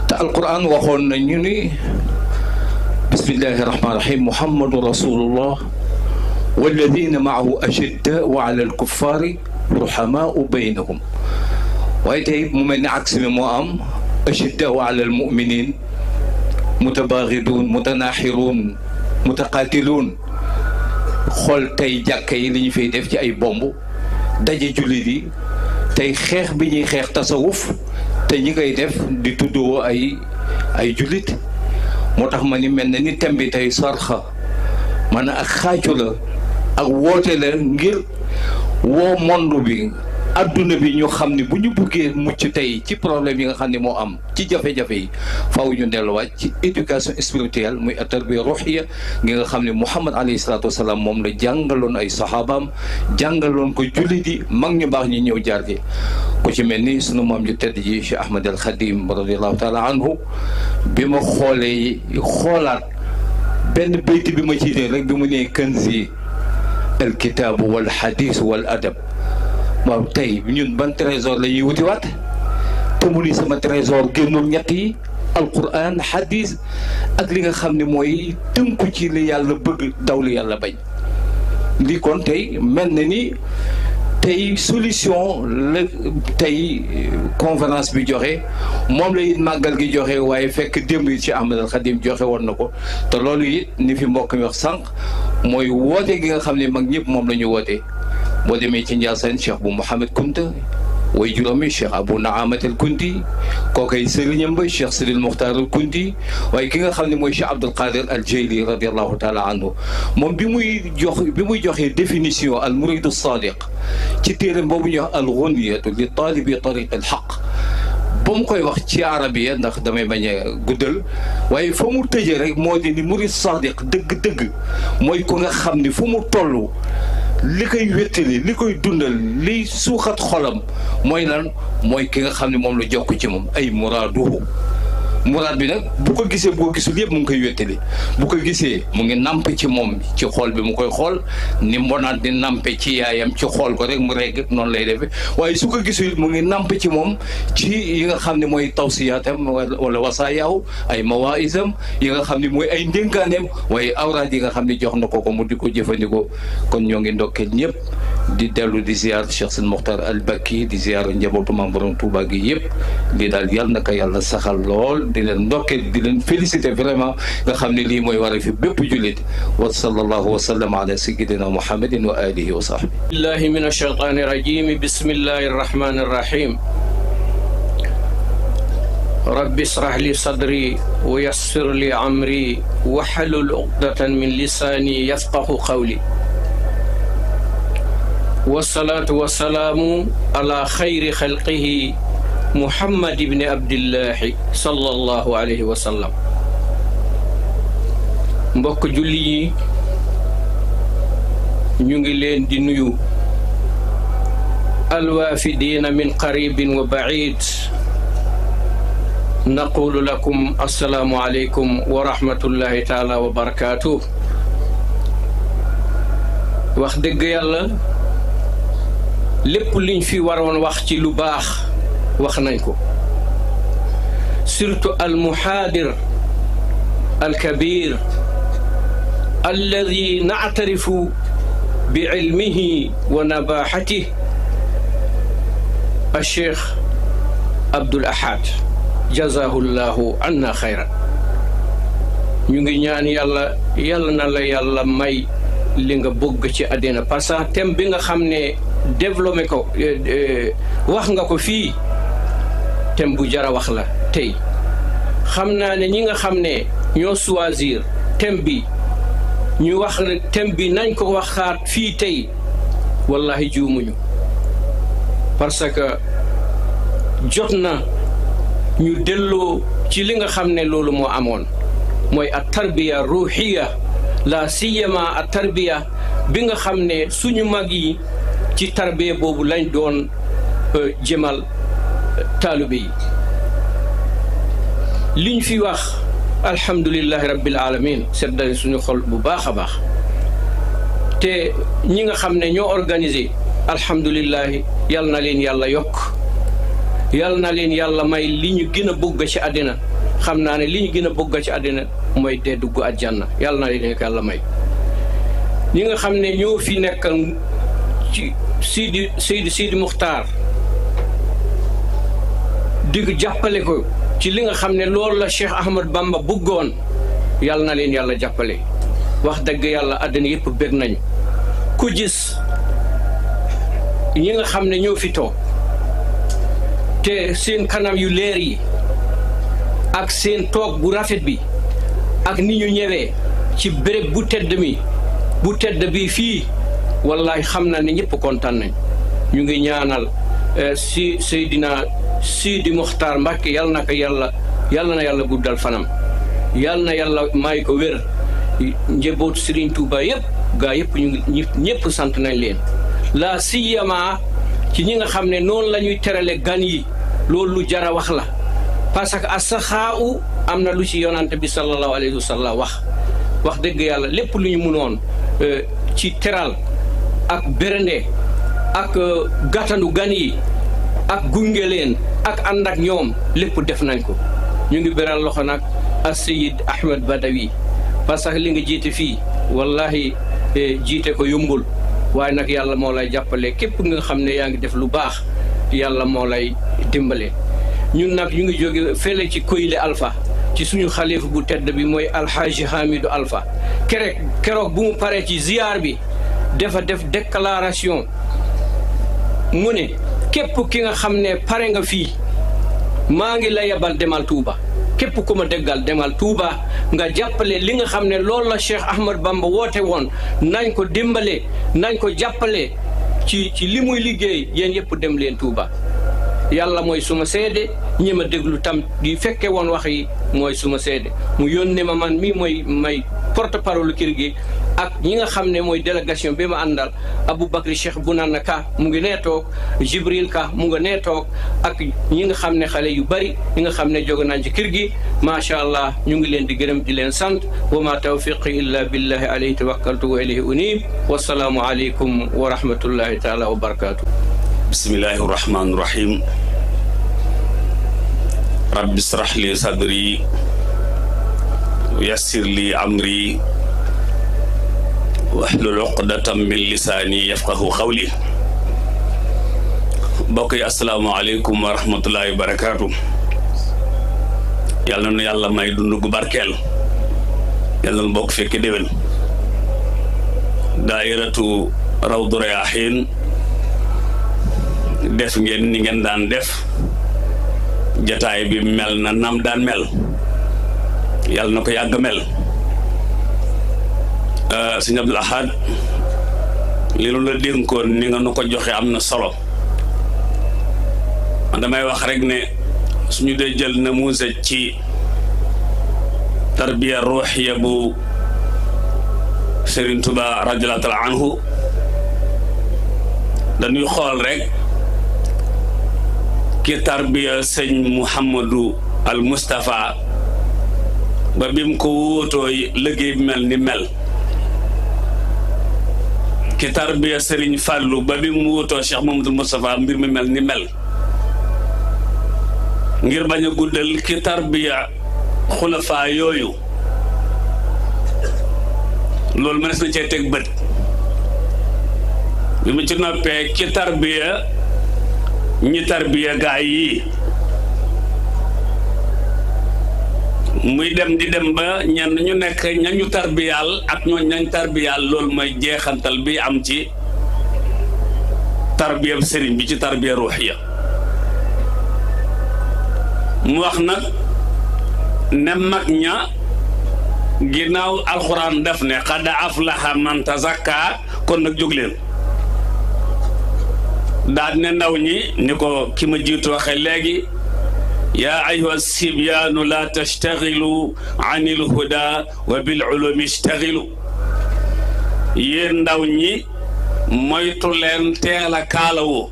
تا القران واخون نيني بسم الله الرحمن الرحيم محمد رسول الله والذين معه أشداء على الكفار رحماء بينهم ويتهيب ممن عكس مموام أشده على المؤمنين متباغدون متناحرون متقاتلون خول تاي جاكاي لي في ديف تي اي بومبو داجي جولي دي تاي خيخ بي ني خيخ تصوف تاي نيغي ديف دي تودو اي اي جوليت موتاخ ماني ملني تمبي تاي صرخه مانا اخ خاتو لا اك ووتي لا ngir wo mondu bi adduna bi ñu xam ne bu ñu buggee mucc tey ci problème yi nga xam ne moo am ci jafe-jafe yi faaw ñu delluwaat ci éducation spirituelle muy atarbiya ruhiya ngi nga xam ne Muhammad alayhi salaatu wasalaam moom la jàngaloon ay saxaabaam jàngaloon ko jullit yi mag ñu baax ñi ñëw jaar gi ku ci mel ni sunu maam ju tedd ji Cheikh Ahmad al Khadim radiallahu taala anhu bi ma xoolee xoolaat benn béyt bi ma ciy rek bi mu nee kanzi al kitaabu wal xadiis wal adab waaw tey ñun ban trésor la ñuy wutiwaat te mu ni sama trésor génnul ñett yi alquran hadis ak li nga xam ne mooy tënku ci li yàlla bëgg daw yàlla bañ lii kon tey mel na ni tey solution la tey conférence bi joxe moom la it màggal gi joxe waaye fekk démb yi ci Ahmadul Xadim joxe woon na ko te loolu it ni fi mbokk yox wax sànq mooy woote gi nga xam ne mag ñëpp moom la ñu woote ودي ميتين ياسين شيخ ابو محمد كنت ويجرمي شيخ ابو نعامه الكندي كوكاي سيرينيم بي شيخ سيد المختار الكندي واي كيغا خاني موي شيخ عبد القادر الجيلي رضي الله تعالى عنه موم بيموي جوخي بيموي جوخي ديفينيسيون المريد الصادق تي تيرم بوبو الغنيه للطالب طريق الحق بوم كوي واخ تي عربيه ناخ داماي باني غودل واي فومو تيجي رك مودي ني مريد الصادق دغ دغ موي كوغا خامني فومو تولو li koy wéttali li koy dundal liy suuxat xolam mooy lan mooy ki nga xam ni moom la jokk ci moom ay muraaduhu muraad bi nag bu ko gisee bu ko gisul yëpp mu ngi koy wéttali bu ko gisee mu ngi nàmp ci moom ci xool bi mu koy xool ni mbonaat di nampe ci yaayam ci xool ko rek mu reg noonu lay dem defee waaye su ko gisul mu ngi nàmp ci moom ci yi nga xam ne mooy tawsiyaatam wala wasaayaaw ay mawaisam yi nga xam ni mooy ay ndénkaaneem waaye awraad yi nga xam ne jox na ko ko mu di ko jëfandikoo kon ñoo ngi ndokkeel ñëpp di delu di ziar Cheikh sen Mokhtar al Bakki di ziar njabot mom borom Touba gi yëpp lii dal yal na ko yàlla saxal lol di len ndoké di len féliciter vraiment nga xamné li moy waré fi bép julit wa sallallahu wa sallam ala sayyidina muhammadin wa alihi wa sahbihi billahi minash shaitani rajim bismillahi arrahmani arrahim rabbi اشرح لي صدري ويسر لي عمري amri wahlul من لساني يفقه قولي والصلاة والسلام على خير خلقه محمد بن عبد الله صلى الله عليه وسلم مبك جولي نيغي لين دي نيو الوافدين من قريب وبعيد نقول لكم السلام عليكم ورحمة الله تعالى وبركاته واخدق يالله lépp liñ fi waroon wax ci lu bax wax nañ ko surtout al muhadir al kabir alladhi na'tarifu bi ilmihi wa nabahatihi al cheikh abdul ahad jazahu llahu anna xayran ñu ngi ñaan yàlla yàlla na la yàlla may li nga bëgg ci àddina parce que thème bi nga xam développé ko euh, euh, wax nga ko fii thème bu jara wax la tey xam naa ne ñi nga xam ne ñoo choisir thème bi ñu wax thème bi nañ ko waxaat fii tey wallahi juumuñu parce que jot na ñu delloo ci li nga xam ne loolu moo amoon mooy a tarbiya ruuxiya la siyama a tarbiya bi nga xam ne suñu mag yi ci tarbiya boobu lañ doon e, jëmal taalibe yi liñ fi wax alhamdulillahi rabbil alamin dañ suñu xol bu baax a baax te ñi nga xam ne ñoo organisé alhamdulillahi yal na leen yàlla yokk yal na leen yàlla may li ñu gën a bëgg ci àddina xam naa ne li ñu a bëgg ci àddina mooy dee dugg àjjana yal na leen yàlla may ñi nga xam ne fi nekkal ci Sidi Sidi Sidi Muxtaar digg jàppale ko ci li nga xam ne loolu la Cheikh Ahmad Bamba bëggoon yàlla na leen yàlla jàppale wax dëgg yàlla àddina yëpp bég nañu ku jis ñi nga xam ne ñëw fi toog te seen kanam yu leer yi ak seen toog bu rafet bi ak ni ñu ñëwee ci bërëb bu tedd mi bu tedd bi fii wallaay xam na ne ñëpp kontaan nañ ñu ngi ñaanal eh, si Seydina Sidi Mokhtar Mbacke yàlla na yàlla yàlla na yàlla guddal fanam yàlla na yàlla may ko wér njëbootu Serigne Touba yëpp gaa yëpp ñu ñëpp sant nañ leen la siyama ci ñi nga xam ne noonu la ñuy terale gan yi loolu lu jara wax la parce que asaxaaw am na lu ci yonante bi sallallahu alayhi wa sallam wax wax dëgg yàlla lépp lu ñu mënoon eh, ci teral ak bernde ak euh, gàttandu gan yi ak gunge ak ànd ak ñoom lépp def nañ ko ñu ngi beral loxo nag ak Seyid Ahmed Badawi parce que li nga jiite fii wallahi eh, jiite ko yombul waaye nag yàlla moo lay jàppale képp nga xam ne yaa ngi def lu baax yàlla moo lay dimbale ñun nag ñu ngi jóge fele ci Koyle alfa ci suñu xalifa bu tedd bi mooy alxaaji Hamidou Alpha keroog bu mu paree ci ziyaar bi dafa def déclaration mu ne képp ki nga xam ne pare nga fii maa ngi la yebal demal tuuba képp ku ma déggal demal Touba nga jàppale li nga xam ne loolu la Cheikh Ahmad Bamba woote woon nañ ko dimbale nañ ko jàppale ci ci li muy liggéey yéen yëpp dem leen tuuba yàlla mooy suma seede ñi ma déglu tam di fekke woon wax yi mooy suma seede mu yónnee ma man mii mooy may porte parole kër gi ak ñi nga xamne moy délégation bima andal abou bakri Cheikh Bounana Ka mu ngi netok Jibril Ka mu nga netok ak ñi nga xamne xale yu bari ñi nga xamne jogu nañ ci kër gi ma sha allah ñu ngi leen di gërëm di leen sante wa ma tawfiqi illa billahi alayhi tawakkaltu wa ilayhi unib wa wasalaamu alaykum wa rahmatullahi taala wa barakatuh بسم الله الرحمن الرحيم رب اشرح لي صدري ويسر لي امري wahlul uqdatam min lisaani yafqahu qawli mbokk yi asalaamaaleykum wa rahmatullahi wa na yàlla may dund gu barkeel yàlla na bokk fekke déwén daairatu rawdu rayaahiin def ngeen ni ngeen daan def jataay bi mel na nam daan mel yàlla na ko yàgg mel Eh, sëñ Abdul Ahad li lu la dénkoon ni nga nuko joxe amna solo man damay wax rek ne suñu de jël musa ci tarbiya ruhiya bu Serigne Touba radhiyallahu anhu dañuy xol rek ki tarbiya sëñ Muhammadu al Mustafa ba bim ko wóotooy mel ni mel ki tarbiya Serigne Fallou ba bi mu wutoo Cheikh Mamadou Moustapha mbir mi mel ni mel ngir bañ a guddal ki tarbiya xulafaa yooyu loolu mënees na cee teg bët bi mu ci noppee ki tarbiya ñi tarbiya gaay yi muy dem di dem ba ñenn ñu nekk ñañu tarbiyal ak ñoo ñañ tarbiyal lool moy jeexantal bi am ci tarbiyam serigne bi ci tarbiya ruhiya mu wax nag ne mag ña ginaaw alquran def ne qad aflaha man tazakka kon nak jogle leen daal ne ndaw ñi ni ko kima ma waxe legi ya ayyuha sibyaanu laa tastaxilu an il huda wa bil ulumi staxilu yéen ndaw ñi moytu leen teel a kaalawu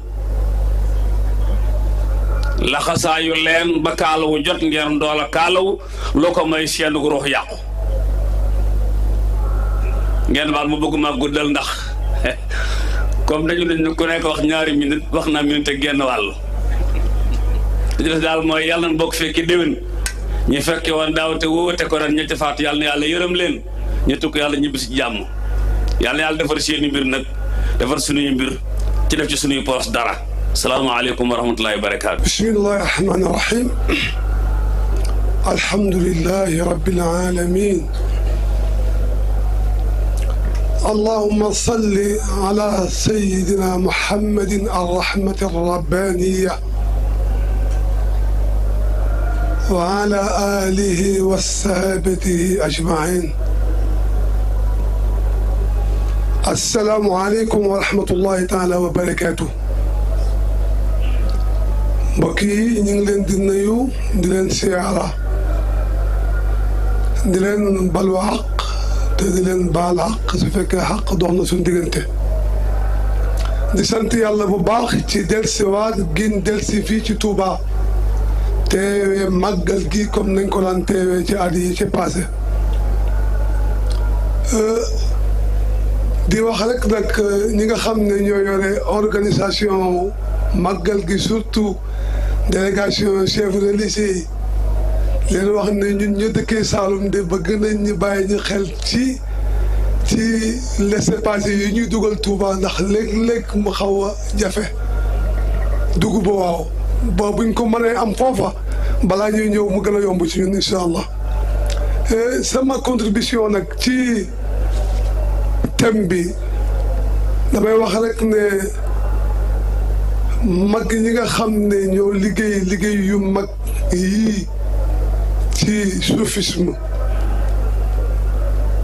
laxasaayu leen ba kaalawu jot ngeen dool a kaalawu loo ko may seenug ruux yàqu ngeen baal mu bëgguma guddal ndax comme dañu ne ko nekk wax ñaari minute wax naa minute genn wàllu li des daal mooy yàlla nañ bokk fekki déwén ñu fekke woon daaw te wóote ko ren ña ca faatu yàlla na yàlla yërëm leen ñu tukk yàlla ñibbi si jàmm yàlla na yàlla defar seeni mbir nag defar suñuy mbir ci def ci suñuy poos dara salaamaaleykum wa rahmatullahi wa barakaatu bismillahi rahmaani rahim alhamdulillahi rabbil alamin اللهم صل على سيدنا محمد الرحمة الربانية wa ala aalihi wa sahaabatihi ajma'iin assalaamu aleykum wa rahmatullahi taala wa barakaatu mbokk yi ñu ngi leen di nuyu di leen siyaara di leen balu xaq te di leen baal xaq su fekkee xaq dox na suñu diggante di sant yàlla bu baax ci delsiwaat gin delsi fii ci Touba teewee màggal gi comme nañ ko daan ci at yi ci passé di wax rek nag ñi nga xam ne ñoo yore organisation màggal gi surtout délégation chef religieux yi leen wax ne ñun ñu dëkkee Saalum de bëgg nañ ñi bàyyi ñu xel ci ci laissez-passer yi ñuy dugal Touba ndax léeg-léeg mu xaw a jafe dugg waaw ba buñ ko mënee am foofa balaa ñuy ñëw mu gën a yomb ci ñun incha allah eh, sama contribution nag ci thème bi damay wax rek ne mag ñi nga xam ne ñoo liggéey liggéey yu mag yi ci soufisme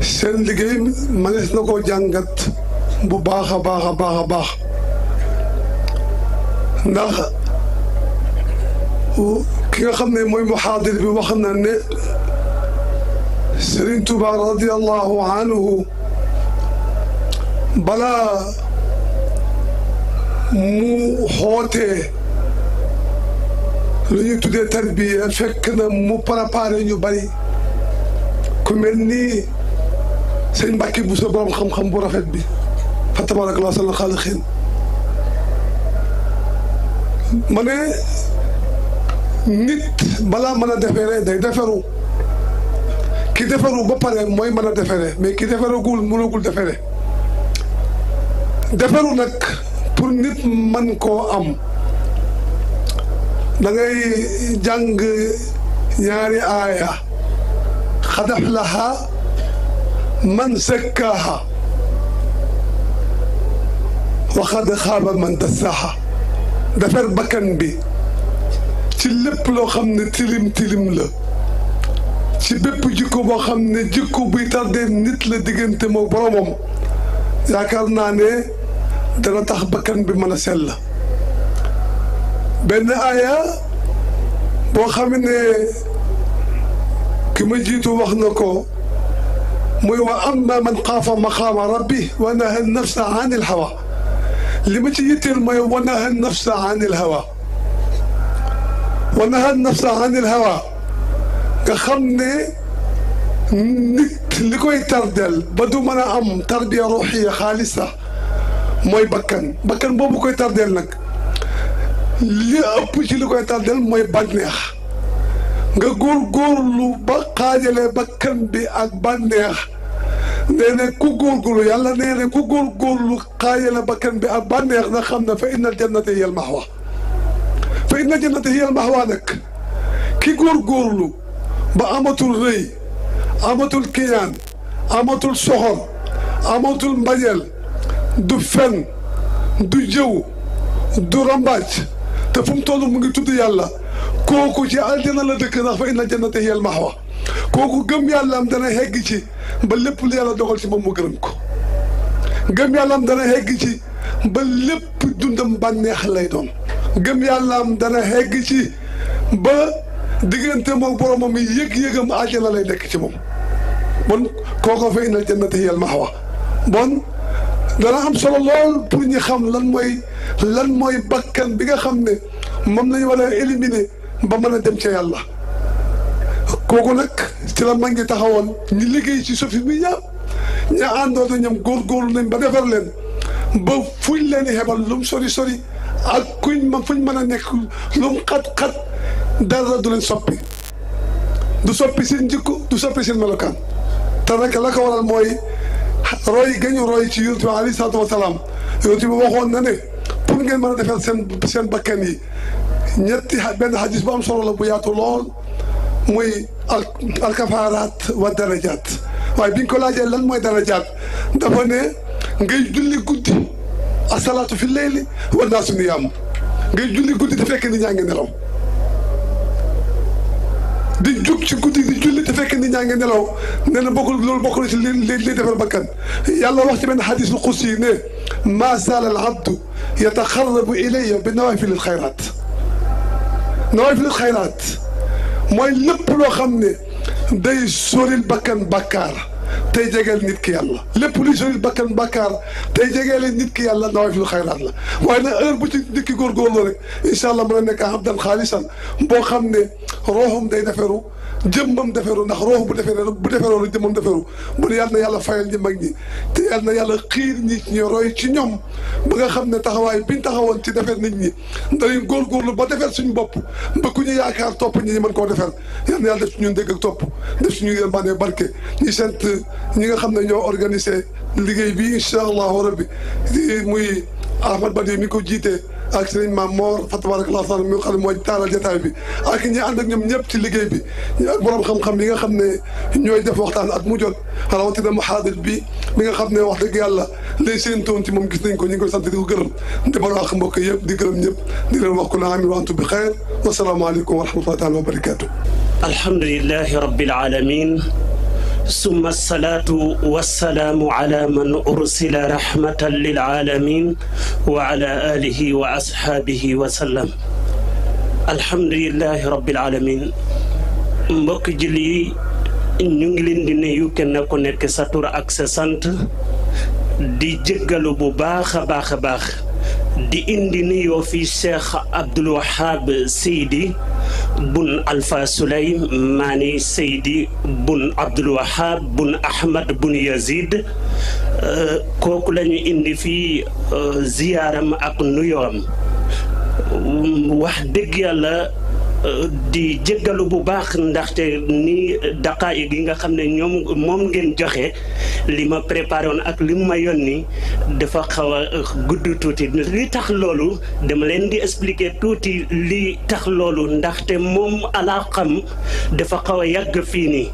seen liggéey manees na koo jàngat bu baax a baax a baax a baax ndax كي خدنا موي محاضر بوخنا ني سرين توبا رضي الله عنه بلا مو هوتي لو تدي تربية فكنا مو براباري نيو باري كملني سين باكي بوسو برام خم خم بورا فت بي فتبارك الله صلى الله عليه وسلم ماني nit balaa mën a deferee day deferu ki deferu ba pare mooy mën a deferee mais ki deferagul mënagul deferee deferu nag pour nit mën koo am da ngay jàng ñaari aaya xad aflaha man zakkaaha wa xad xaaba man dassaaha defer bakkan bi ci lépp loo xam ne tilim tilim la ci bépp jikko boo xam ne jikko buy tardee nit la diggante moo boromam yaakaar naa ne dana tax bakkan bi mën a sell benn aaya boo xam ne ki ma jiitu wax na ko muy wa amma man xaafa maqaama rabbi wa naha nafsa an il hawa li ma ci yitteel mooy wa naha nafsa an il hawa ونهد نفسه عن الهواء كخمني لكي تردل بدو منا أم نعم، تربية روحية خالصة موي بكن بكن بو بكي تردل لك لي أبوشي لكي تردل موي بدنيخ غور غور لو بقاجل بكن بي أبدنيخ نين كو غور غور يالا نين كو غور غور لو قاجل بكن بي أبدنيخ نخمنا فإن الجنة هي المحوه fa inna jannata hiya al-ma'wa nag ki góorgóorlu ba amatul rëy amatul kiyaan amatul soxor amatul mbañeel du fen du jëw du rambaaj te fu mu toll mu ngi tudd yàlla kooku ci aljana la dëkk ndax fa inna jannata hiya al-ma'wa kooku gëm yàlla am dana hegg ci ba lépp lu yàlla dogal ci moom mu gërëm ko gëm yàlla am dana hegg ci ba lépp dundam bànneex lay doon gëm yàlla am dana xegg ci ba diggante moom boromam yëg-yëgam àjjana lay nekk ci moom bon kooko fa inal jannata hiyal maxwa bon dana am solo lool pour ñu xam lan mooy lan mooy bakkan bi nga xam ne moom lañu war a éliminer ba mën a dem ca yàlla kooku nag ci la mag ñi taxawoon ñu liggéey ci sofi bi ña ña àndoo ñoom góorgóorlu nañ ba defar leen ba fuñ leen i xebal mu sori sori ak kuñ ma fuñ mën a nekk lu mu xat-xat dara du leen soppi du soppi seen jikko du soppi seen melokaan te nag la ko waral mooy roy gañu roy ci yonent bi aleyhi salaatu wa salaam yonent bi waxoon na ne pour ngeen mën a defal seen seen bakkan yi ñetti benn xadis bu am solo la bu yaatu lool muy alkafaaraat wa darajaat waaye biñ ko laajee lan mooy darajaat dafa ne ngay julli guddi الصلاة في الليل والناس نيام غير جولي قد تفك ني نياغي نلو دي جوك سي قد دي جولي تفك ني نياغي نلو نانا بوكل لول بوكل لي لي دفر بكان يالا وقت من حديث القصي ني ما سال العبد يتقرب الي بنوافل الخيرات نوافل الخيرات موي لب لو خامني داي سوري بكان بكار. tey jegeel nit ki yàlla lépp luy soril bakkan bàkkaar tey jegeel nit ki yàlla nawaafil xayraat la waaye nag heure bu ci nit ki góorgóorlu rek incha allah mën a nekk abdan xaalisan boo xam ne rooxam day deferu jëmmam deferu ndax roox bu deferee bu deferoo rek jëmmam deferu bu yàlla na yàlla fayal ñi mag ñi te yàlla na yàlla xiir ñi ci ñoom ba nga xam ne taxawaay biñ taxawoon ci defer nit ñi danañ góorgóorlu ba defer suñu bopp ba ku ñu yaakaar topp ñi ñu mën koo defer yàlla na yàlla def suñu dégg ak topp def suñu yërmande barke ñi sant ñi nga xam ne ñoo organisé liggéey bi incha allahu rabbi muy Ahmad Badi mi ko jiitee اكسين ما مور فتبارك الله صار ميو خدم واج تالا جتاي بي اك ني اند نيم نيب تي ليغي بي بروم خم خم ليغا خم ني نيو ديف وقتان اك موجود راوتي دا محاضر بي ليغا خم ني وقت يالا لي سين تونتي موم غيس نكو نيغو سانتي دو غير دي بارو اخ موك ييب دي غرم نيب دي غرم وانتو بخير والسلام عليكم ورحمه الله وبركاته الحمد لله رب العالمين summa salaatu wassalaamu ala man ursila rahmatan lil aalamiin wa ala aalihi wa ashaabihi wa sallam alhamdulilahi rabbil aalamiin mbokk julli yi ñu ngi leen di nuyu kenn ku nekk sa tur ak sa sant di jéggalu bu baax a baax a baax di indi nuyoo fi cheikh abdul wahab seydi bun alfa mani seydi bun abdul wahab bun ahmad bun yazid koku lañu indi fi ziyaram ak nuyoom wax deug yàlla di jëggalu bu baax ndaxte ni daqaay yi nga xam ne ñoom moom ngeen joxe li ma préparé woon ak li mu ma yónni dafa xaw a gudd tuuti li tax loolu dama leen di expliquer tuuti li tax loolu ndaxte moom alaa xam dafa xaw a yàgg fii nii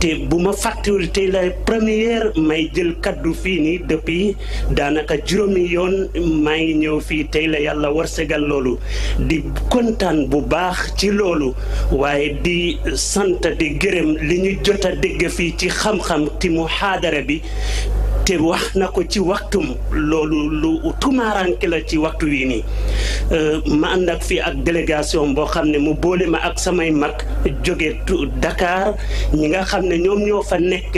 te bu ma fàttewul tey la première may jël kaddu fii nii depuis daanaka juróomi yoon maa ngi ñëw fii tey la yàlla war sëgal loolu di kontaan bu baax ci loolu waaye di sant di gërëm li ñu jot a dégg fii ci xamxam xam ti mu xaadara bi te wax na ko ci waxtum loolu lu tumaaranke la ci waxtu wii nii euh, ma ànd ak fii ak délégation boo xam ne mu boole ma ak samay mag jóge Dakar ñi nga xam ne ñoom ñoo fa nekk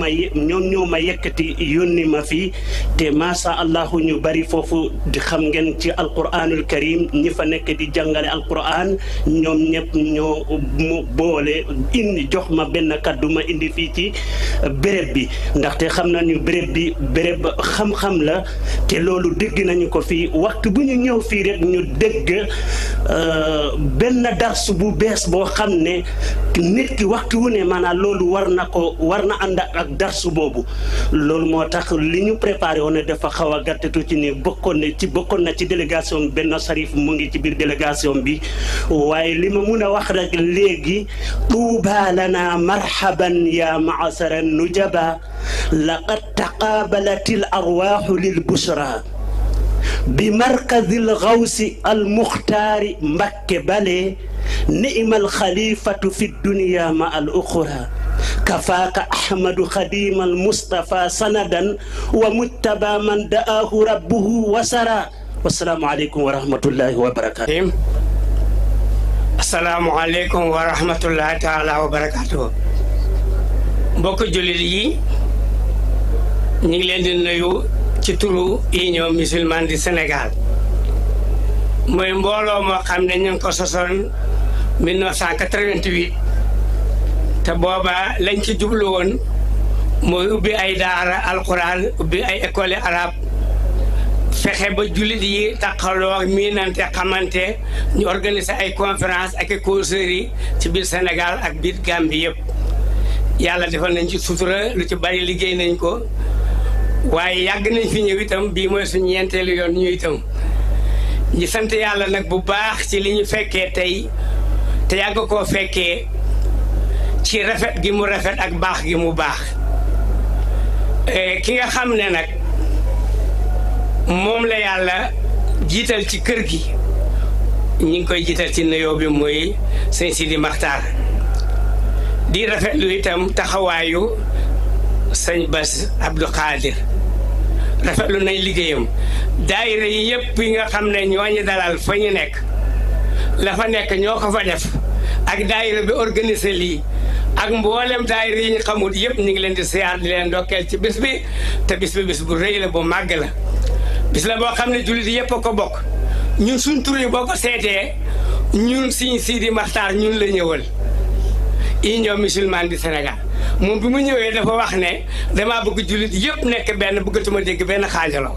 ma ñoom ñoo ma yëkkati yónni ma fi te macha allah ñu bari foofu di xam ngeen ci alquranul karim ñi fa nekk di jàngale alquran ñoom ñëpp ñoo mu boole indi jox ma benn kàddu ma indi fii ci béréb bi ndaxte xam nañu béréb bi béréb xam-xam la te loolu dégg nañu ko fii waxtu bu ñu ñëw fii rek ñu dégg euh, benn darsu bu bees boo xam ne nit ki waxtu wu ne maanaam loolu war na ko war na ànd ak darsu boobu loolu moo tax li ñu préparé woon ne dafa xaw a tu ci ni bokkoon na ci bokkoon na ci délégation Benno Sarif mu ngi ci biir délégation bi waaye li ma mun a wax rek léegi tuubaa lana marhaban ya maasara nujaba لقد تقابلت الأرواح للبشرى بمركز الغوث المختار مكة بلي نئم الخليفة في الدنيا مع الأخرى كفاك أحمد خديم المصطفى سندا ومتبى من دعاه ربه وسرى والسلام عليكم ورحمة الله وبركاته السلام عليكم ورحمة الله تعالى وبركاته بوك جليلي ñu ngi leen di nuyu ci turu union musulmane du Sénégal mooy mbooloo moo xam ne ñu ngi ko sosoon 1988 te booba lañ ci jublu woon mooy ubbi ay daara alquran ubbi ay école arabe fexe ba jullit yi taqaloo miinante xamante ñu organiser ay conférence ak i causeries ci biir Sénégal ak biir Gambie yëpp yàlla defal nañ ci sutura lu ci bari liggéey nañ ko waaye yàgg nañ fi ñëw itam bii mooy suñ ñeenteelu yoon ñu itam ñi sant yàlla nag bu baax ci li ñu fekkee tey te yàgg koo fekkee ci rafet gi mu rafet ak baax gi mu baax e, ki nga xam ne nag moom la yàlla jiital ci kër gi ñu ngi koy jiital ci nuyoo bi mooy sëñ di Maxtaar di rafetlu itam taxawaayu sëñ Bass Abdou rafetlu nañ liggéeyam daayira yi yëpp yi nga xam ne ñooñu dalal fa ñu nekk la nekk ñoo ko fa def ak daayira bi organiser lii ak mboolem daay yi ñu xamul yëpp ñu ngi leen di siyaar di leen ndokkeel ci bis bi te bis bi bis bu rëy la bu màgg la bis la boo xam ne jullit yëpp a ko bokk ñu suñ boo ko seetee ñun siñ Sidi Maxtaar ñu la ñëwal union musulmane du Sénégal moom bi mu ñëwee dafa wax ne damaa bëgg jullit yëpp nekk benn bëggatuma dégg benn xaajaloo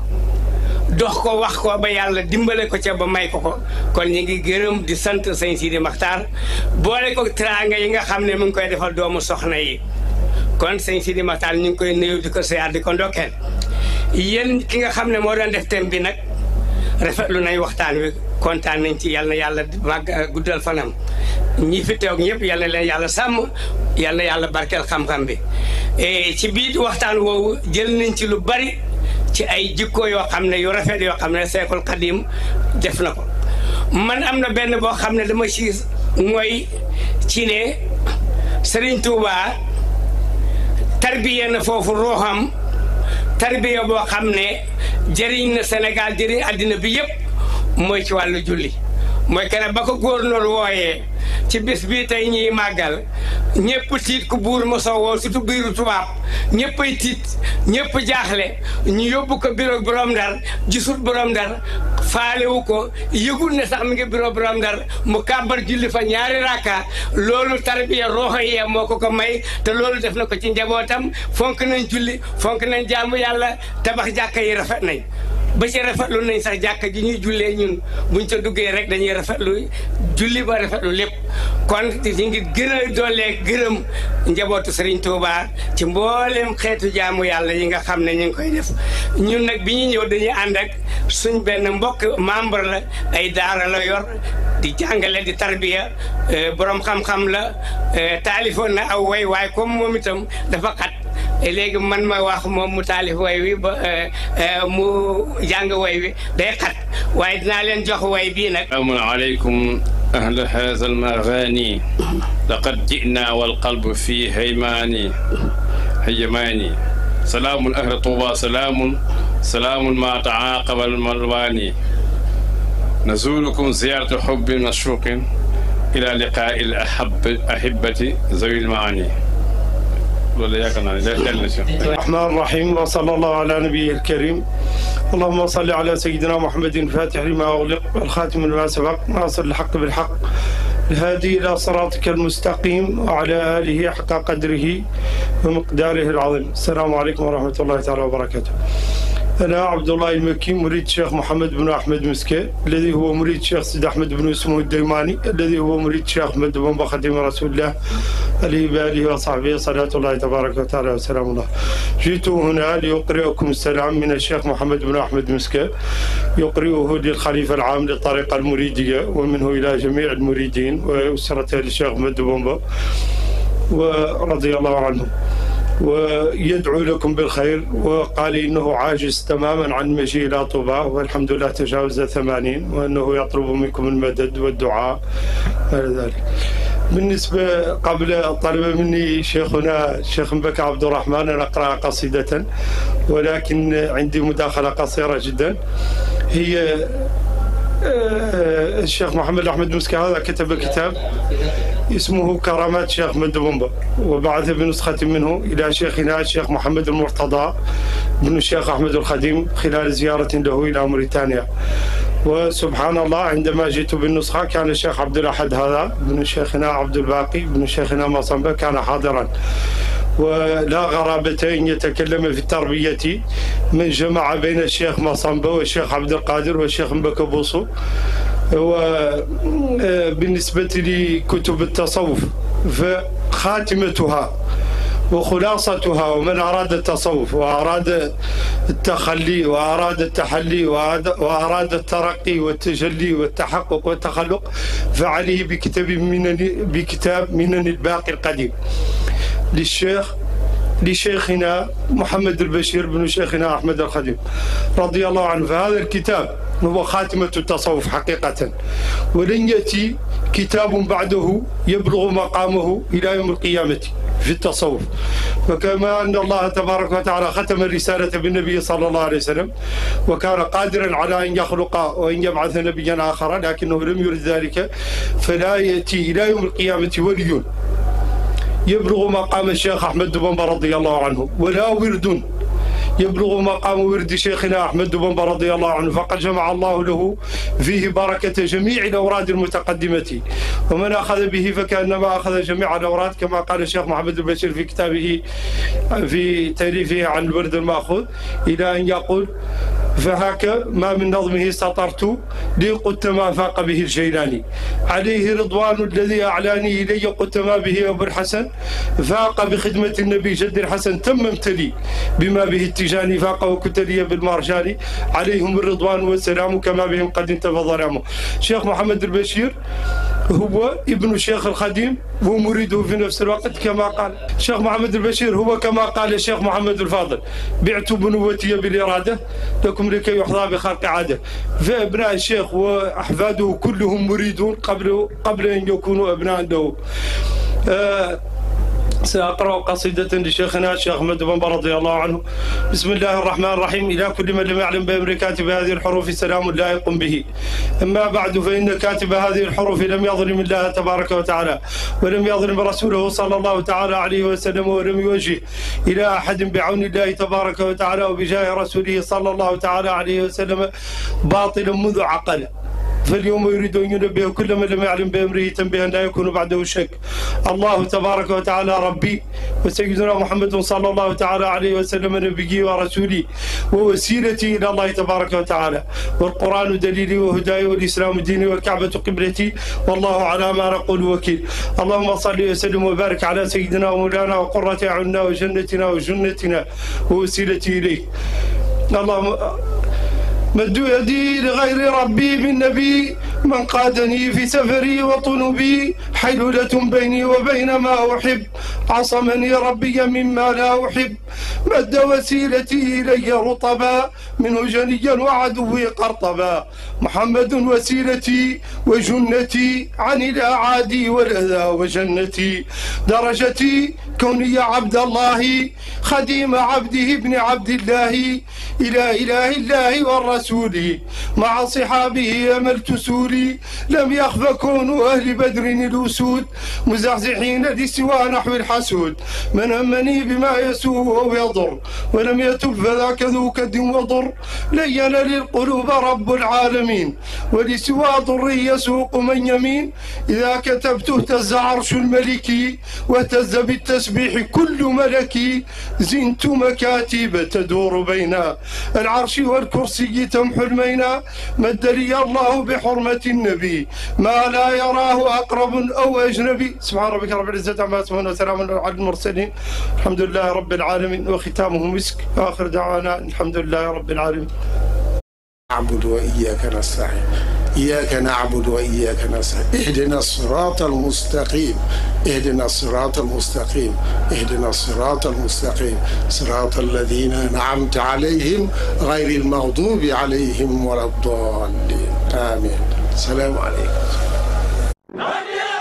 dox ko wax ko ba yàlla dimbale ko ca ba may ko ko kon ñu ngi gërëm di sant sii Sidi Maxtaar boole ko teraanga yi nga xam ne mu ngi koy defal doomu soxna yi kon sëñ Sidi Maxtaar ñu ngi koy nuyu di ko siyaar di ko ndokkeel yéen ki nga xam ne moo doon def thème bi nag rafetlu nay waxtaan wi kontaan nañ ci yal na yàlla wàgg euh, guddal fanam ñi fi teew ñëpp yal na leen yàlla sàmm yàlla yàlla barkeel xam-xam bi ci biir waxtaan woowu jël nañ ci lu bari ci ay jikko yoo xam ne yu rafet yoo xam ne Seexul Xadiim def na ko man am na benn boo xam ne dama ci mooy ci ne Sëriñ Tuubaa tarbiya na foofu ruuxam tarbiya boo xam ne jëriñ na Sénégal jëriñ àddina bi yëpp mooy ci wàllu julli mooy keneen ba ko góornóor wooye ci bis bii tey ñiy màggal ñëpp tiit ku buur mosoo woo surtout biiru tubaab ñëpp ay tiit ñëpp jaaxle ñu yóbbu ko bureau borom ndar gisul borom ndar faalewu ko yëgul na sax mi ngi bureau borom ndar mu kàbbar julli fa ñaari rakka loolu tarbiya roxo yee moo ko ko may te loolu def na ko ci njabootam fonk na julli fonk na jaamu yàlla tabax jàkka yi rafet nañ ba ci rafetlu nañ sax jàkka ji ñuy jullee ñun bu buñ ca duggee rek dañuy rafetlu julli ba rafetlu lépp kon ñu ngi gën a doolee gërëm njabootu Serigne Touba ci mbooleem xeetu jaamu yàlla yi nga xam ne ñu ngi koy def ñun nag bi ñu ñëw dañuy ànd ak suñ benn mbokk membre la ay daara la yor di jàngale di tarbiya eh, borom xam-xam la eh, taalifoon na aw way waay comme moom itam dafa xat léegi من ma wax moom mu taalif way wi ba euh, euh, mu jàng way wi day xat waaye أهل هذا المغاني لقد جئنا والقلب في هيماني هيماني سلام أهل طوبى سلام سلام ما تعاقب الملواني نزولكم زيارة حب مشوق إلى لقاء الأحب أحبة ذوي المعاني بسم الله الرحمن الرحيم وصلى الله على نبيه الكريم اللهم صل على سيدنا محمد الفاتح لما اغلق والخاتم لما سبق ناصر الحق بالحق الهادي إلى صراطك المستقيم وعلى آله حق قدره ومقداره العظيم السلام عليكم ورحمة الله تعالى وبركاته أنا عبد الله المكي مريد شيخ محمد بن أحمد مسكي الذي هو مريد شيخ سيد أحمد بن اسمه الديماني الذي هو مريد شيخ محمد بن خادم رسول الله عليه بآله وصحبه صلاة الله تبارك وتعالى وسلام الله جئت هنا لأقرئكم السلام من الشيخ محمد بن أحمد مسكي يقرئه للخليفة العام للطريقة المريدية ومنه إلى جميع المريدين وأسرته للشيخ محمد بن ورضي الله عنه ويدعو لكم بالخير وقال إنه عاجز تماما عن المجيء إلى طوبى والحمد لله تجاوز ثمانين وأنه يطلب منكم المدد والدعاء ذلك بالنسبة قبل طلب مني شيخنا الشيخ مبكى عبد الرحمن أن أقرأ قصيدة ولكن عندي مداخلة قصيرة جدا هي آه، آه، الشيخ محمد أحمد مسكي هذا كتب كتاب اسمه كرامات شيخ مدبومبا وبعث بنسخة منه إلى شيخنا الشيخ محمد المرتضى بن الشيخ أحمد الخديم خلال زيارة له إلى موريتانيا وسبحان الله عندما جئت بالنسخة كان الشيخ عبد الأحد هذا بن شيخنا عبد الباقي بن شيخنا مصنبة كان حاضرا ولا غرابة أن يتكلم في التربية من جمع بين الشيخ مصنبة والشيخ عبد القادر والشيخ مبكبوسو آه، بالنسبة لكتب التصوف فخاتمتها وخلاصتها ومن أراد التصوف وأراد التخلي وأراد التحلي وأراد الترقي والتجلي والتحقق والتخلق فعليه بكتاب من بكتاب من الباقي القديم للشيخ لشيخنا محمد البشير بن شيخنا أحمد الخديم رضي الله عنه فهذا الكتاب هو خاتمة التصوف حقيقة ولن يأتي كتاب بعده يبلغ مقامه إلى يوم القيامة في التصوف وكما أن الله تبارك وتعالى ختم الرسالة بالنبي صلى الله عليه وسلم وكان قادرا على أن يخلق وأن يبعث نبيا آخر لكنه لم يرد ذلك فلا يأتي إلى يوم القيامة ولي يبلغ مقام الشيخ أحمد بن رضي الله عنه ولا ورد يبلغ مقام ورد شيخنا أحمد بن رضي الله عنه فقد جمع الله له فيه بركة جميع الأوراد المتقدمة ومن أخذ به فكأنما أخذ جميع الأوراد كما قال الشيخ محمد البشير في كتابه في تأليفه عن الورد المأخوذ إلى أن يقول فهاك ما من نظمه سطرت لي قلت ما فاق به الجيلاني عليه رضوان الذي أعلاني إلي قلت ما به أبو الحسن فاق بخدمة النبي جد الحسن تممت لي بما به التجاني فاق وكنت لي بالمارجاني عليهم الرضوان والسلام كما بهم قد انتفى ظلامه شيخ محمد البشير هو ابن الشيخ القديم ومريده في نفس الوقت كما قال الشيخ محمد البشير هو كما قال الشيخ محمد الفاضل بعت بنوتي بالإرادة لكم لكي يحظى بخلق عادة فابناء الشيخ وأحفاده كلهم مريدون قبل قبل أن يكونوا أبناء له آه سأقرأ قصيدة لشيخنا الشيخ أحمد بن رضي الله عنه بسم الله الرحمن الرحيم إلى كل من لم يعلم بأمر كاتب هذه الحروف سلام لائق به أما بعد فإن كاتب هذه الحروف لم يظلم الله تبارك وتعالى ولم يظلم رسوله صلى الله تعالى عليه وسلم ولم يوجه إلى أحد بعون الله تبارك وتعالى وبجاه رسوله صلى الله تعالى عليه وسلم باطلا منذ عقل فاليوم يريد أن ينبه كل من لم يعلم بأمره تنبيها لا يكون بعده شك الله تبارك وتعالى ربي وسيدنا محمد صلى الله تعالى عليه وسلم نبيي ورسولي ووسيلتي إلى الله تبارك وتعالى والقرآن دليلي وهداي والإسلام ديني والكعبة قبلتي والله على ما نقول وكيل اللهم صل وسلم وبارك على سيدنا ومولانا وقرة عنا وجنتنا وجنتنا ووسيلتي إليك اللهم مد يدي لغير ربي بالنبي من قادني في سفري وطنبي حيلولة بيني وبين ما أحب عصمني ربي مما لا أحب مد وسيلتي إلي رطبا منه جنيا وعدوي قرطبا محمد وسيلتي وجنتي عن الأعادي والأذى وجنتي درجتي كوني عبد الله خديم عبده ابن عبد الله إلى إله الله والرسول مع صحابه أملت سوري لم يخف كون أهل بدر الأسود مزحزحين لسوى نحو الحسود من همني بما يسوء أو يضر ولم يتب فذاك ذو كد وضر لين للقلوب رب العالمين ولسوى ضري يسوق من يمين إذا كتبت اهتز عرش الملك واهتز بالتسبيح كل ملك زنت مكاتب تدور بين العرش والكرسي تمحو المينا مد لي الله بحرمة النبي ما لا يراه أقرب أو أجنبي سبحان ربك رب العزة عما يصفون وسلام على المرسلين الحمد لله رب العالمين وختامه مسك آخر دعوانا الحمد لله رب العالمين العالمين نعبد وإياك نستعين إياك نعبد وإياك نستعين اهدنا الصراط المستقيم اهدنا الصراط المستقيم اهدنا الصراط المستقيم صراط الذين أنعمت عليهم غير المغضوب عليهم ولا الضالين آمين السلام عليكم